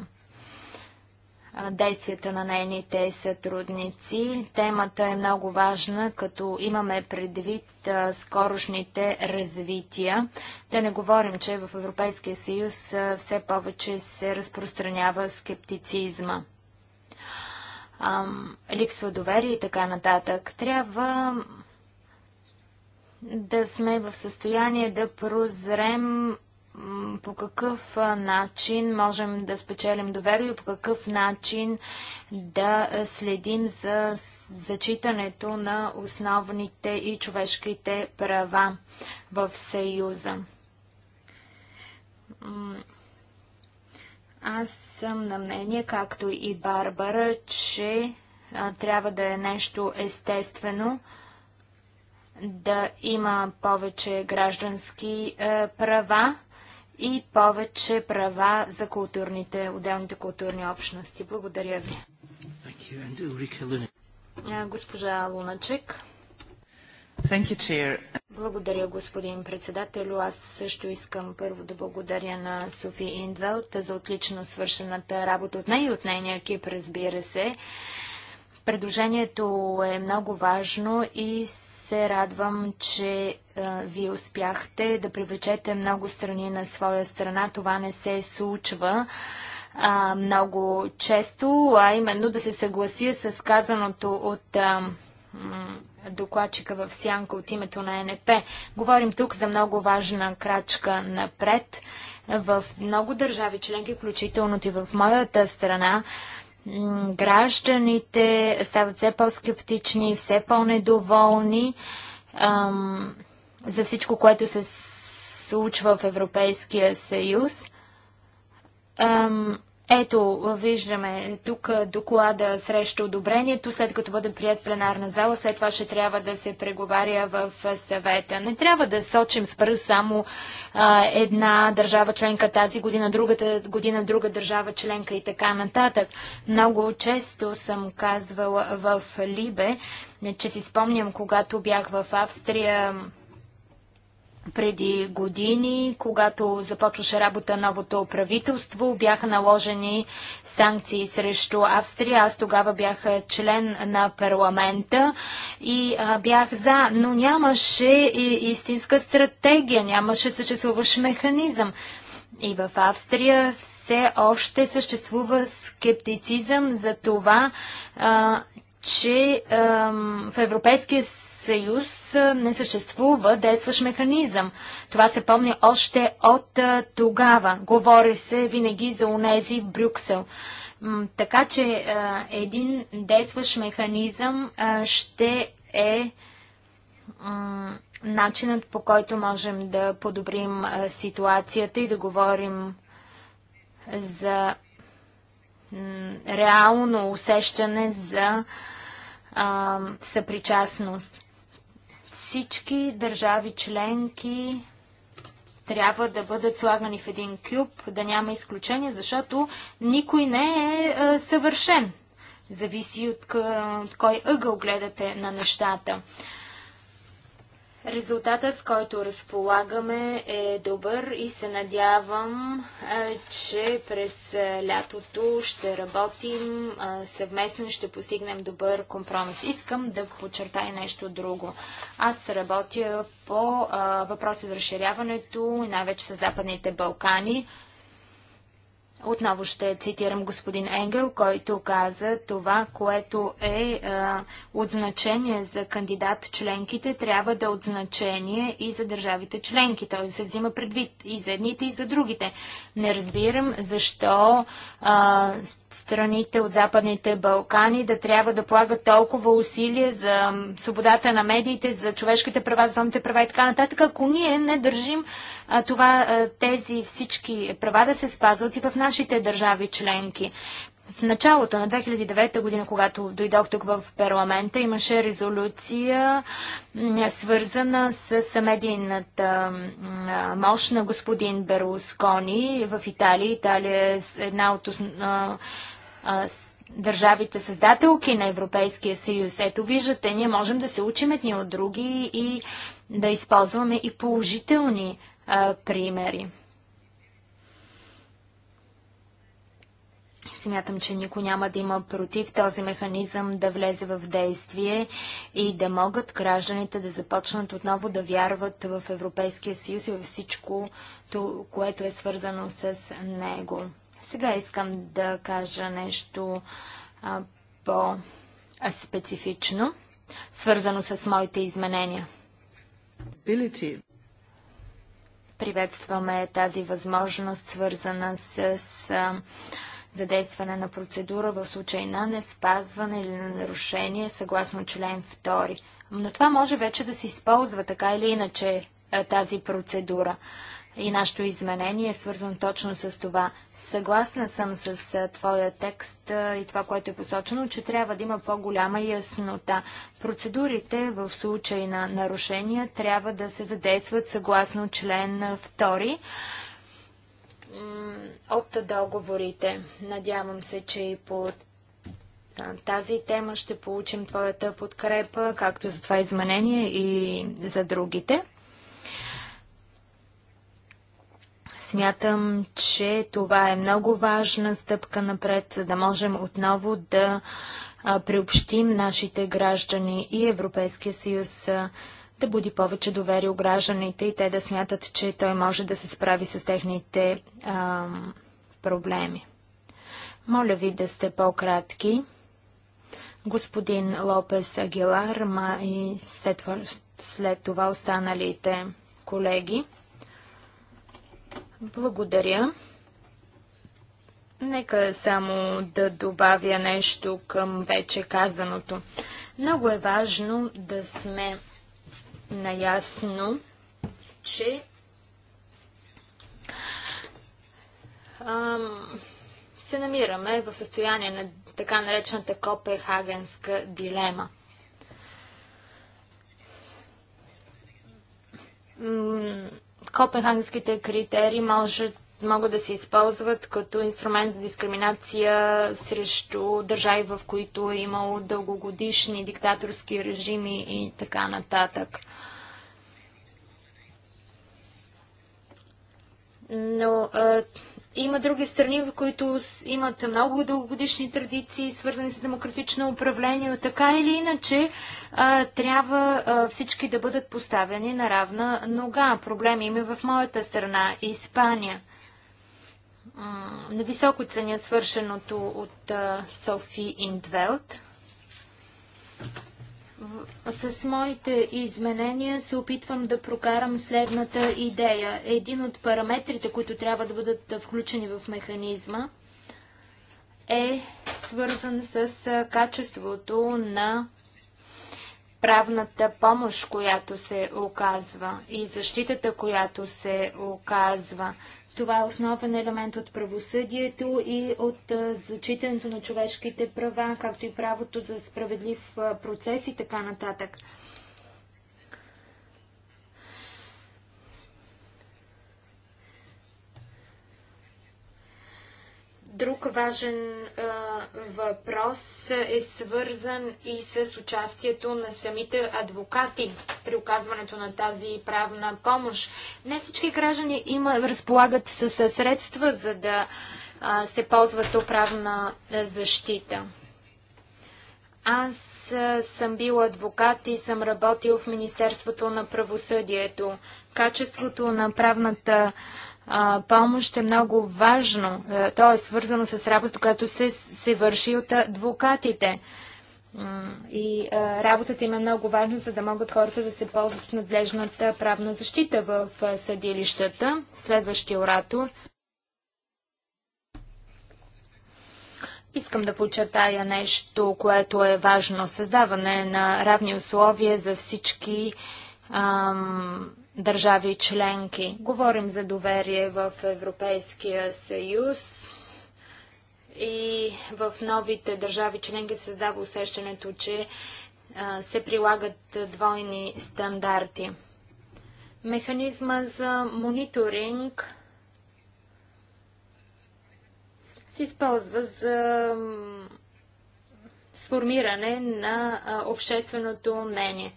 D: действията на нейните сътрудници. Темата е много важна, като имаме предвид скорошните развития. Да не говорим, че в Европейския съюз все повече се разпространява скептицизма. липсва доверие и така нататък. Трябва да сме в състояние да прозрем по какъв начин можем да спечелим доверие и по какъв начин да следим за зачитането на основните и човешките права в Съюза. Аз съм на мнение, както и Барбара, че трябва да е нещо естествено, да има повече граждански права и повече права за културните, отделните културни общности. Благодаря ви. Госпожа Луначек.
B: You,
D: благодаря, господин председател. Аз също искам първо да благодаря на Софи Индвелт за отлично свършената работа от нея и от нейния екип, разбира се. Предложението е много важно и се радвам, че а, вие успяхте да привлечете много страни на своя страна. Това не се случва а, много често, а именно да се съгласи с казаното от а, докладчика в Сянка от името на НП. Говорим тук за много важна крачка напред. В много държави членки, включително и в моята страна, гражданите стават все по-скептични, все по-недоволни за всичко, което се случва в Европейския съюз. Ам, ето, виждаме тук доклада срещу одобрението, след като бъде прият пленарна зала, след това ще трябва да се преговаря в съвета. Не трябва да сочим с пръст само а, една държава членка тази година, другата година друга държава членка и така нататък. Много често съм казвала в Либе, че си спомням, когато бях в Австрия, преди години, когато започваше работа новото правителство, бяха наложени санкции срещу Австрия. Аз тогава бях член на парламента и а, бях за, но нямаше истинска стратегия, нямаше съществуващ механизъм. И в Австрия все още съществува скептицизъм за това, а, че а, в Европейския съюз не съществува действащ механизъм. Това се помни още от тогава. Говори се винаги за унези в Брюксел. Така че един действащ механизъм ще е начинът по който можем да подобрим ситуацията и да говорим за реално усещане за а, съпричастност. Всички държави членки трябва да бъдат слагани в един кюб, да няма изключение, защото никой не е, е съвършен. Зависи от, от кой ъгъл гледате на нещата. Резултата, с който разполагаме, е добър и се надявам, че през лятото ще работим съвместно и ще постигнем добър компромис. Искам да подчертая нещо друго. Аз работя по въпроси за разширяването и най-вече с Западните Балкани. Отново ще цитирам господин Енгел, който каза това, което е а, от значение за кандидат членките, трябва да е от значение и за държавите членки. Той се взима предвид и за едните, и за другите. Не разбирам защо а, страните от Западните Балкани да трябва да полагат толкова усилия за свободата на медиите, за човешките права, здравните права и така нататък, ако ние не държим а, това, а, тези всички права да се спазват и в нашите нашите държави членки. В началото на 2009 година, когато дойдох тук в парламента, имаше резолюция свързана с медийната мощ на господин Берлускони в Италия. Италия е една от държавите създателки на Европейския съюз. Ето виждате, ние можем да се учим едни от други и да използваме и положителни примери. Смятам, че никой няма да има против този механизъм да влезе в действие и да могат гражданите да започнат отново да вярват в Европейския съюз и във всичко, което е свързано с него. Сега искам да кажа нещо по-специфично, свързано с моите изменения. Приветстваме тази възможност, свързана с задействане на процедура в случай на неспазване или на нарушение съгласно член 2. Но това може вече да се използва така или иначе е, тази процедура. И нашето изменение е свързано точно с това. Съгласна съм с е, твоя текст е, и това, което е посочено, че трябва да има по-голяма яснота. Процедурите в случай на нарушения трябва да се задействат съгласно член от договорите. Надявам се, че и по тази тема ще получим твоята подкрепа, както за това изменение и за другите. Смятам, че това е много важна стъпка напред, за да можем отново да приобщим нашите граждани и Европейския съюз да буди повече доверие у гражданите и те да смятат, че той може да се справи с техните а, проблеми. Моля ви да сте по-кратки. Господин Лопес Агилар, ма и след това, след това останалите колеги. Благодаря. Нека само да добавя нещо към вече казаното. Много е важно да сме наясно, че ам, се намираме в състояние на така наречената Копенхагенска дилема. Копенхагенските критерии може могат да се използват като инструмент за дискриминация срещу държави, в които е имало дългогодишни диктаторски режими и така нататък. Но е, има други страни, в които имат много дългогодишни традиции, свързани с демократично управление, но така или иначе а, трябва а, всички да бъдат поставени на равна нога. Проблеми има в моята страна, Испания високо ценя свършеното от Софи Индвелт. С моите изменения се опитвам да прокарам следната идея. Един от параметрите, които трябва да бъдат включени в механизма, е свързан с качеството на правната помощ, която се оказва и защитата, която се оказва. Това е основен елемент от правосъдието и от зачитането на човешките права, както и правото за справедлив процес и така нататък. Друг важен а, въпрос е свързан и с участието на самите адвокати при оказването на тази правна помощ. Не всички граждани има, разполагат с, средства, за да а, се ползват правна защита. Аз а, съм бил адвокат и съм работил в Министерството на правосъдието. Качеството на правната а, помощ е много важно. Е, то е свързано с работа, която се, се върши от адвокатите. И работата им е много важна, за да могат хората да се ползват надлежната правна защита в съдилищата. Следващия оратор. Искам да подчертая нещо, което е важно. Създаване на равни условия за всички ам, държави членки. Говорим за доверие в Европейския съюз и в новите държави членки създава усещането, че се прилагат двойни стандарти. Механизма за мониторинг се използва за сформиране на общественото мнение.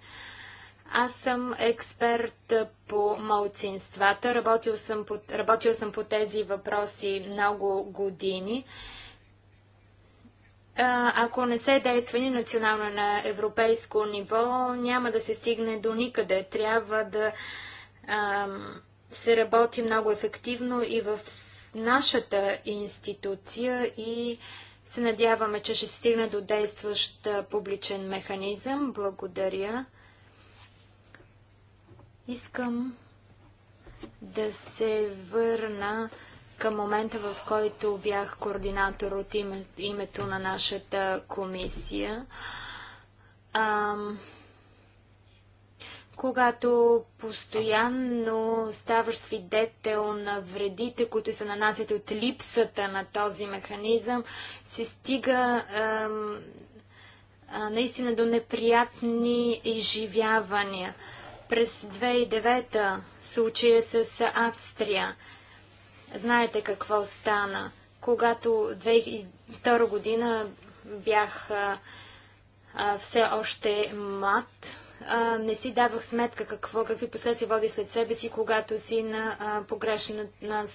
D: Аз съм експерт по малцинствата. Работил съм по, работил съм по тези въпроси много години. Ако не се действа ни национално на европейско ниво, няма да се стигне до никъде. Трябва да а, се работи много ефективно и в нашата институция и се надяваме, че ще стигне до действащ публичен механизъм. Благодаря. Искам да се върна към момента, в който бях координатор от името на нашата комисия. Ам, когато постоянно ставаш свидетел на вредите, които се нанасят от липсата на този механизъм, се стига ам, а, наистина до неприятни изживявания. През 2009 случая е с Австрия. Знаете какво стана. Когато 2002 година бях а, а, все още млад, а, не си давах сметка какво, какви последствия води след себе си, когато си на а, погрешна на,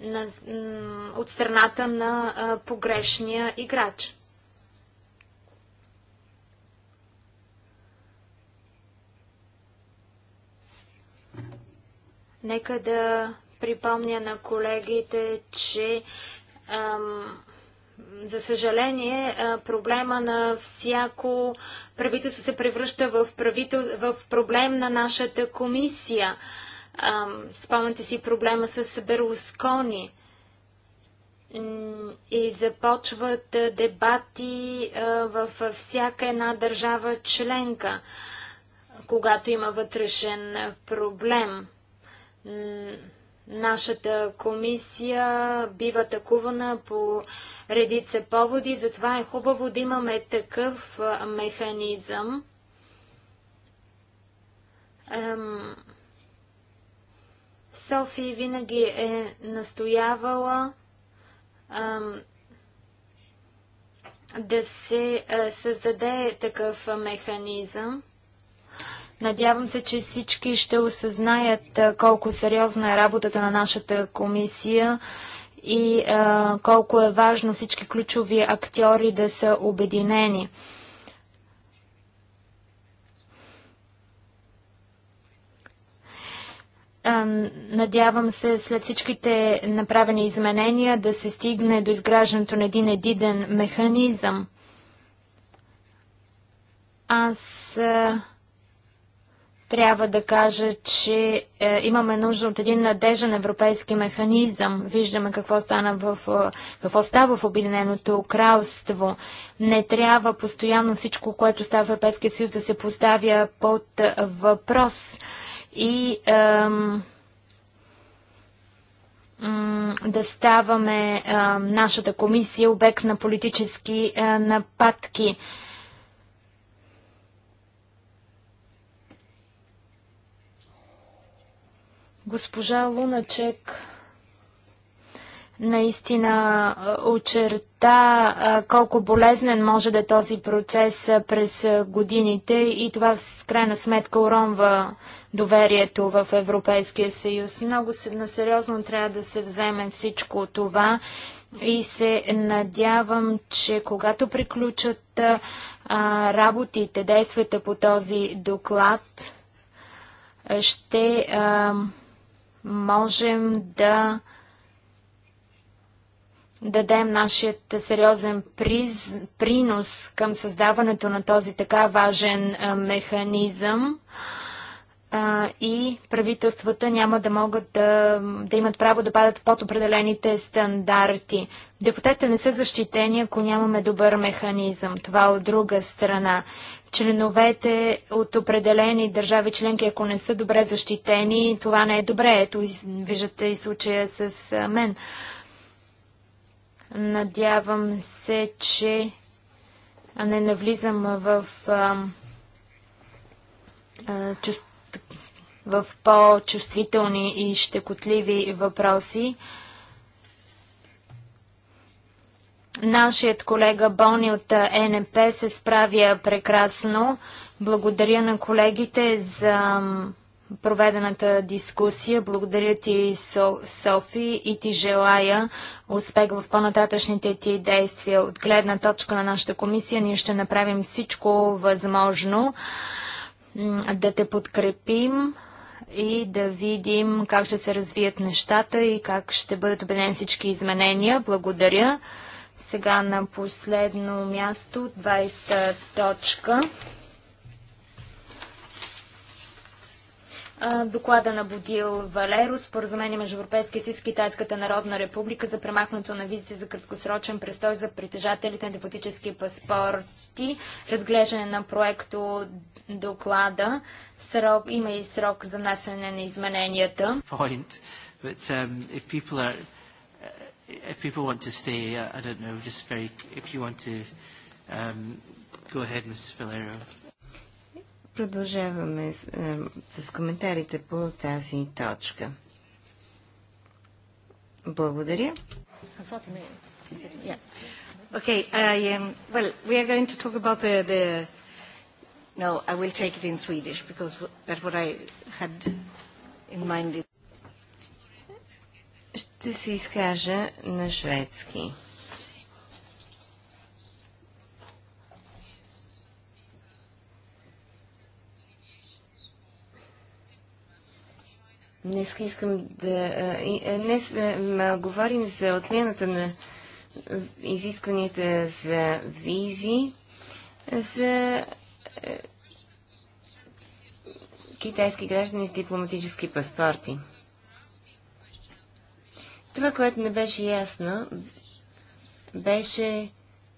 D: на, от страната на а, погрешния играч. Нека да припомня на колегите, че ам, за съжаление, проблема на всяко правителство се превръща в, правител... в проблем на нашата комисия. Спомняте си проблема с Берлускони. И започват дебати във всяка една държава членка, когато има вътрешен проблем. Нашата комисия бива атакувана по редица поводи, затова е хубаво да имаме такъв механизъм. Софи винаги е настоявала да се създаде такъв механизъм. Надявам се, че всички ще осъзнаят колко сериозна е работата на нашата комисия и а, колко е важно всички ключови актьори да са обединени. надявам се след всичките направени изменения да се стигне до изграждането на един едиден механизъм. Аз а трябва да кажа, че е, имаме нужда от един надежен европейски механизъм. Виждаме какво, стана в, е, какво става в Обединеното кралство. Не трябва постоянно всичко, което става в Европейския съюз, да се поставя под е, въпрос. И е, да ставаме е, нашата комисия обект на политически е, нападки. Е, Госпожа Луначек наистина очерта колко болезнен може да е този процес през годините и това в крайна сметка уронва доверието в Европейския съюз. Много насериозно трябва да се вземе всичко това и се надявам, че когато приключат работите, действията по този доклад, ще... А, можем да дадем нашият сериозен приз, принос към създаването на този така важен механизъм и правителствата няма да могат да, да имат право да падат под определените стандарти. Депутатите не са защитени, ако нямаме добър механизъм. Това от друга страна членовете от определени държави членки, ако не са добре защитени, това не е добре. Ето, виждате и случая с мен. Надявам се, че не навлизам в, в по-чувствителни и щекотливи въпроси. Нашият колега Бони от НП се справя прекрасно. Благодаря на колегите за проведената дискусия. Благодаря ти, Софи, и ти желая успех в по-нататъчните ти действия. От гледна точка на нашата комисия ние ще направим всичко възможно да те подкрепим и да видим как ще се развият нещата и как ще бъдат обеден всички изменения. Благодаря. Сега на последно място, 20 точка. Доклада на Бодил Валеро, споразумение между Европейския съюз и Китайската народна република за премахнато на визите за краткосрочен престой за притежателите на дипломатически паспорти, разглеждане на проекто доклада, срок, има и срок за внасяне на измененията.
A: Point, but, um, if people want to stay, I, I don't know, just very, if you want to um, go ahead, Ms. Valero.
B: Продължаваме е, с коментарите по тази точка. Благодаря. Okay, I, um, well, we are going to talk about the, the... No, I will take it in Swedish because that's what I had in mind ще се изкажа на шведски. Днес искам да... Днес говорим за отмяната на изискванията за визи за китайски граждани с дипломатически паспорти. Това, което не беше ясно, беше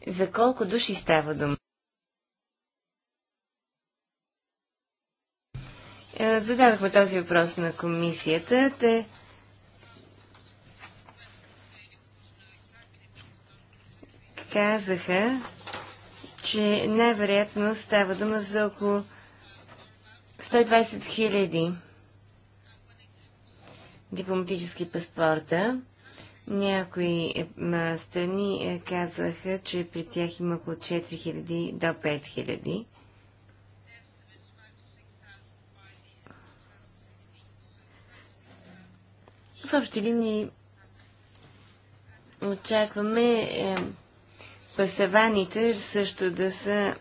B: за колко души става дума. Е, зададохме този въпрос на комисията. Те... Казаха, че най-вероятно става дума за около 120 хиляди дипломатически паспорта. Някои е, страни е, казаха, че при тях има около 4000 до 5000. В общи линии очакваме е, пасаваните също да са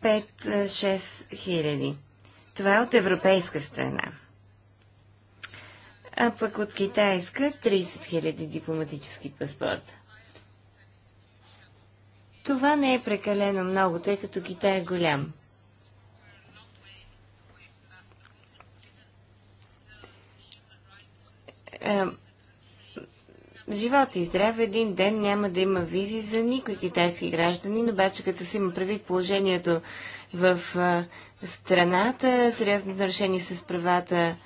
B: пет-шест хиляди. Това е от европейска страна а пък от китайска 30 000 дипломатически паспорта. Това не е прекалено много, тъй като Китай е голям. Живота и здраве един ден няма да има визи за никой китайски гражданин, обаче като си има прави положението в страната, сериозно нарушение с правата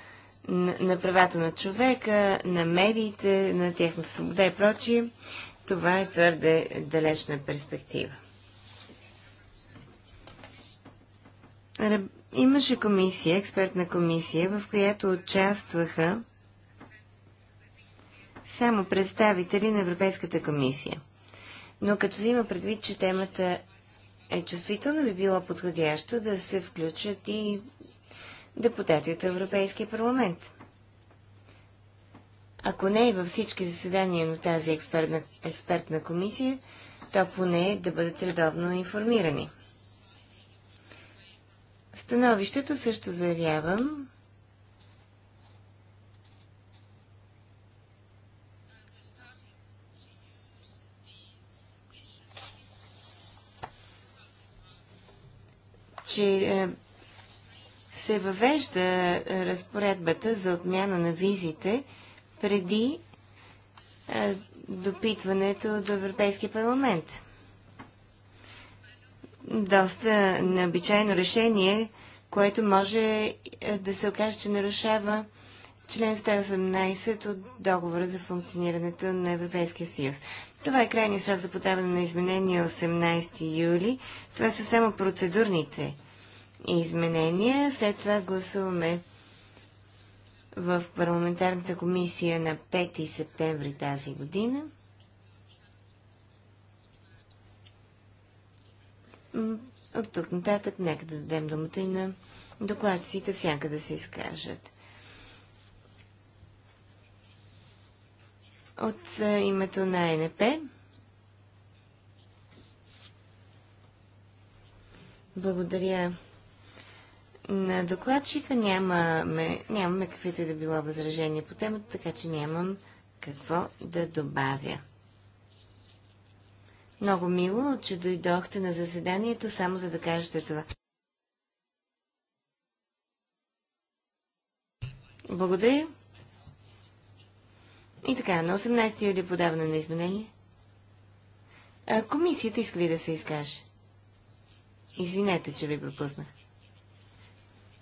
B: на, на правата на човека, на медиите, на тяхната свобода и прочие, това е твърде далечна перспектива. Имаше комисия, експертна комисия, в която участваха само представители на Европейската комисия. Но като взима предвид, че темата е чувствителна, би било подходящо да се включат и депутати от Европейския парламент. Ако не е във всички заседания на тази експертна, експертна комисия, то поне е да бъдат редовно информирани. становището също заявявам, че е, се въвежда е, разпоредбата за отмяна на визите преди е, допитването до Европейския парламент. Доста необичайно решение, което може е, да се окаже, че нарушава член 118 от договора за функционирането на Европейския съюз. Това е крайният срок за подаване на изменения 18 юли. Това са само процедурните изменения. След това гласуваме в парламентарната комисия на 5 септември тази година. От тук нататък нека да дадем думата и на докладчиците всяка да се изкажат. От е, името на НП Благодаря, на докладчика. Нямаме, нямаме каквито и да било възражения по темата, така че нямам какво да добавя. Много мило, че дойдохте на заседанието само за да кажете това. Благодаря. И така, на 18 юли подаване на изменение. А, комисията иска ли да се изкаже? Извинете, че ви пропуснах.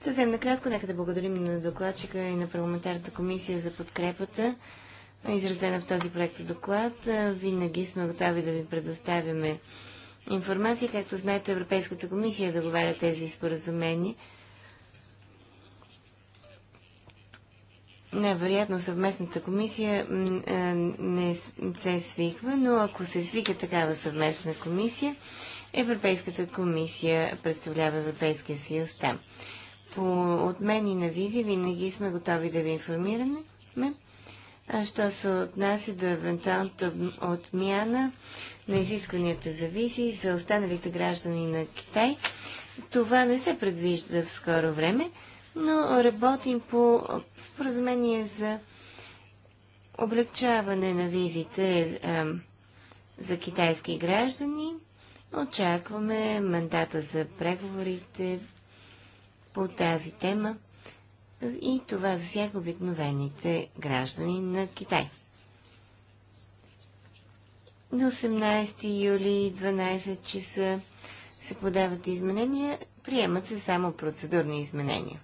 B: Съвсем накратко, нека да благодарим на докладчика и на парламентарната комисия за подкрепата, изразена в този проект доклад. Винаги сме готови да ви предоставяме информация. Както знаете, Европейската комисия договаря тези споразумения. Вероятно съвместната комисия не се свиква, но ако се свика такава съвместна комисия, Европейската комисия представлява Европейския съюз там по отмени на визи винаги сме готови да ви информираме. А що се отнася до евентуалната отмяна на изискванията за визи за останалите граждани на Китай, това не се предвижда в скоро време, но работим по споразумение за облегчаване на визите за китайски граждани. Очакваме мандата за преговорите по тази тема и това засяга обикновените граждани на Китай. До 18 юли 12 часа се подават изменения, приемат се само процедурни изменения.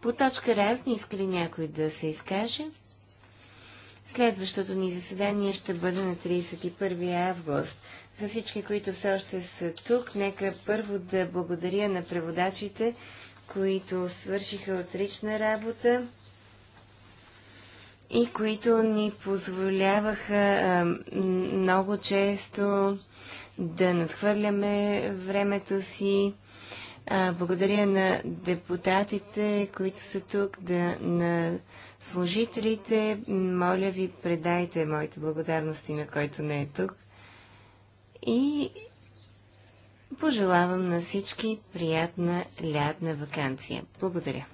B: По точка разни иска ли някой да се изкаже? Следващото ни заседание ще бъде на 31 август. За всички, които все още са тук, нека първо да благодаря на преводачите, които свършиха отлична работа и които ни позволяваха много често да надхвърляме времето си. благодаря на депутатите, които са тук, да, на служителите. Моля ви, предайте моите благодарности на който не е тук. И
A: пожелавам на всички приятна лятна вакансия. Благодаря.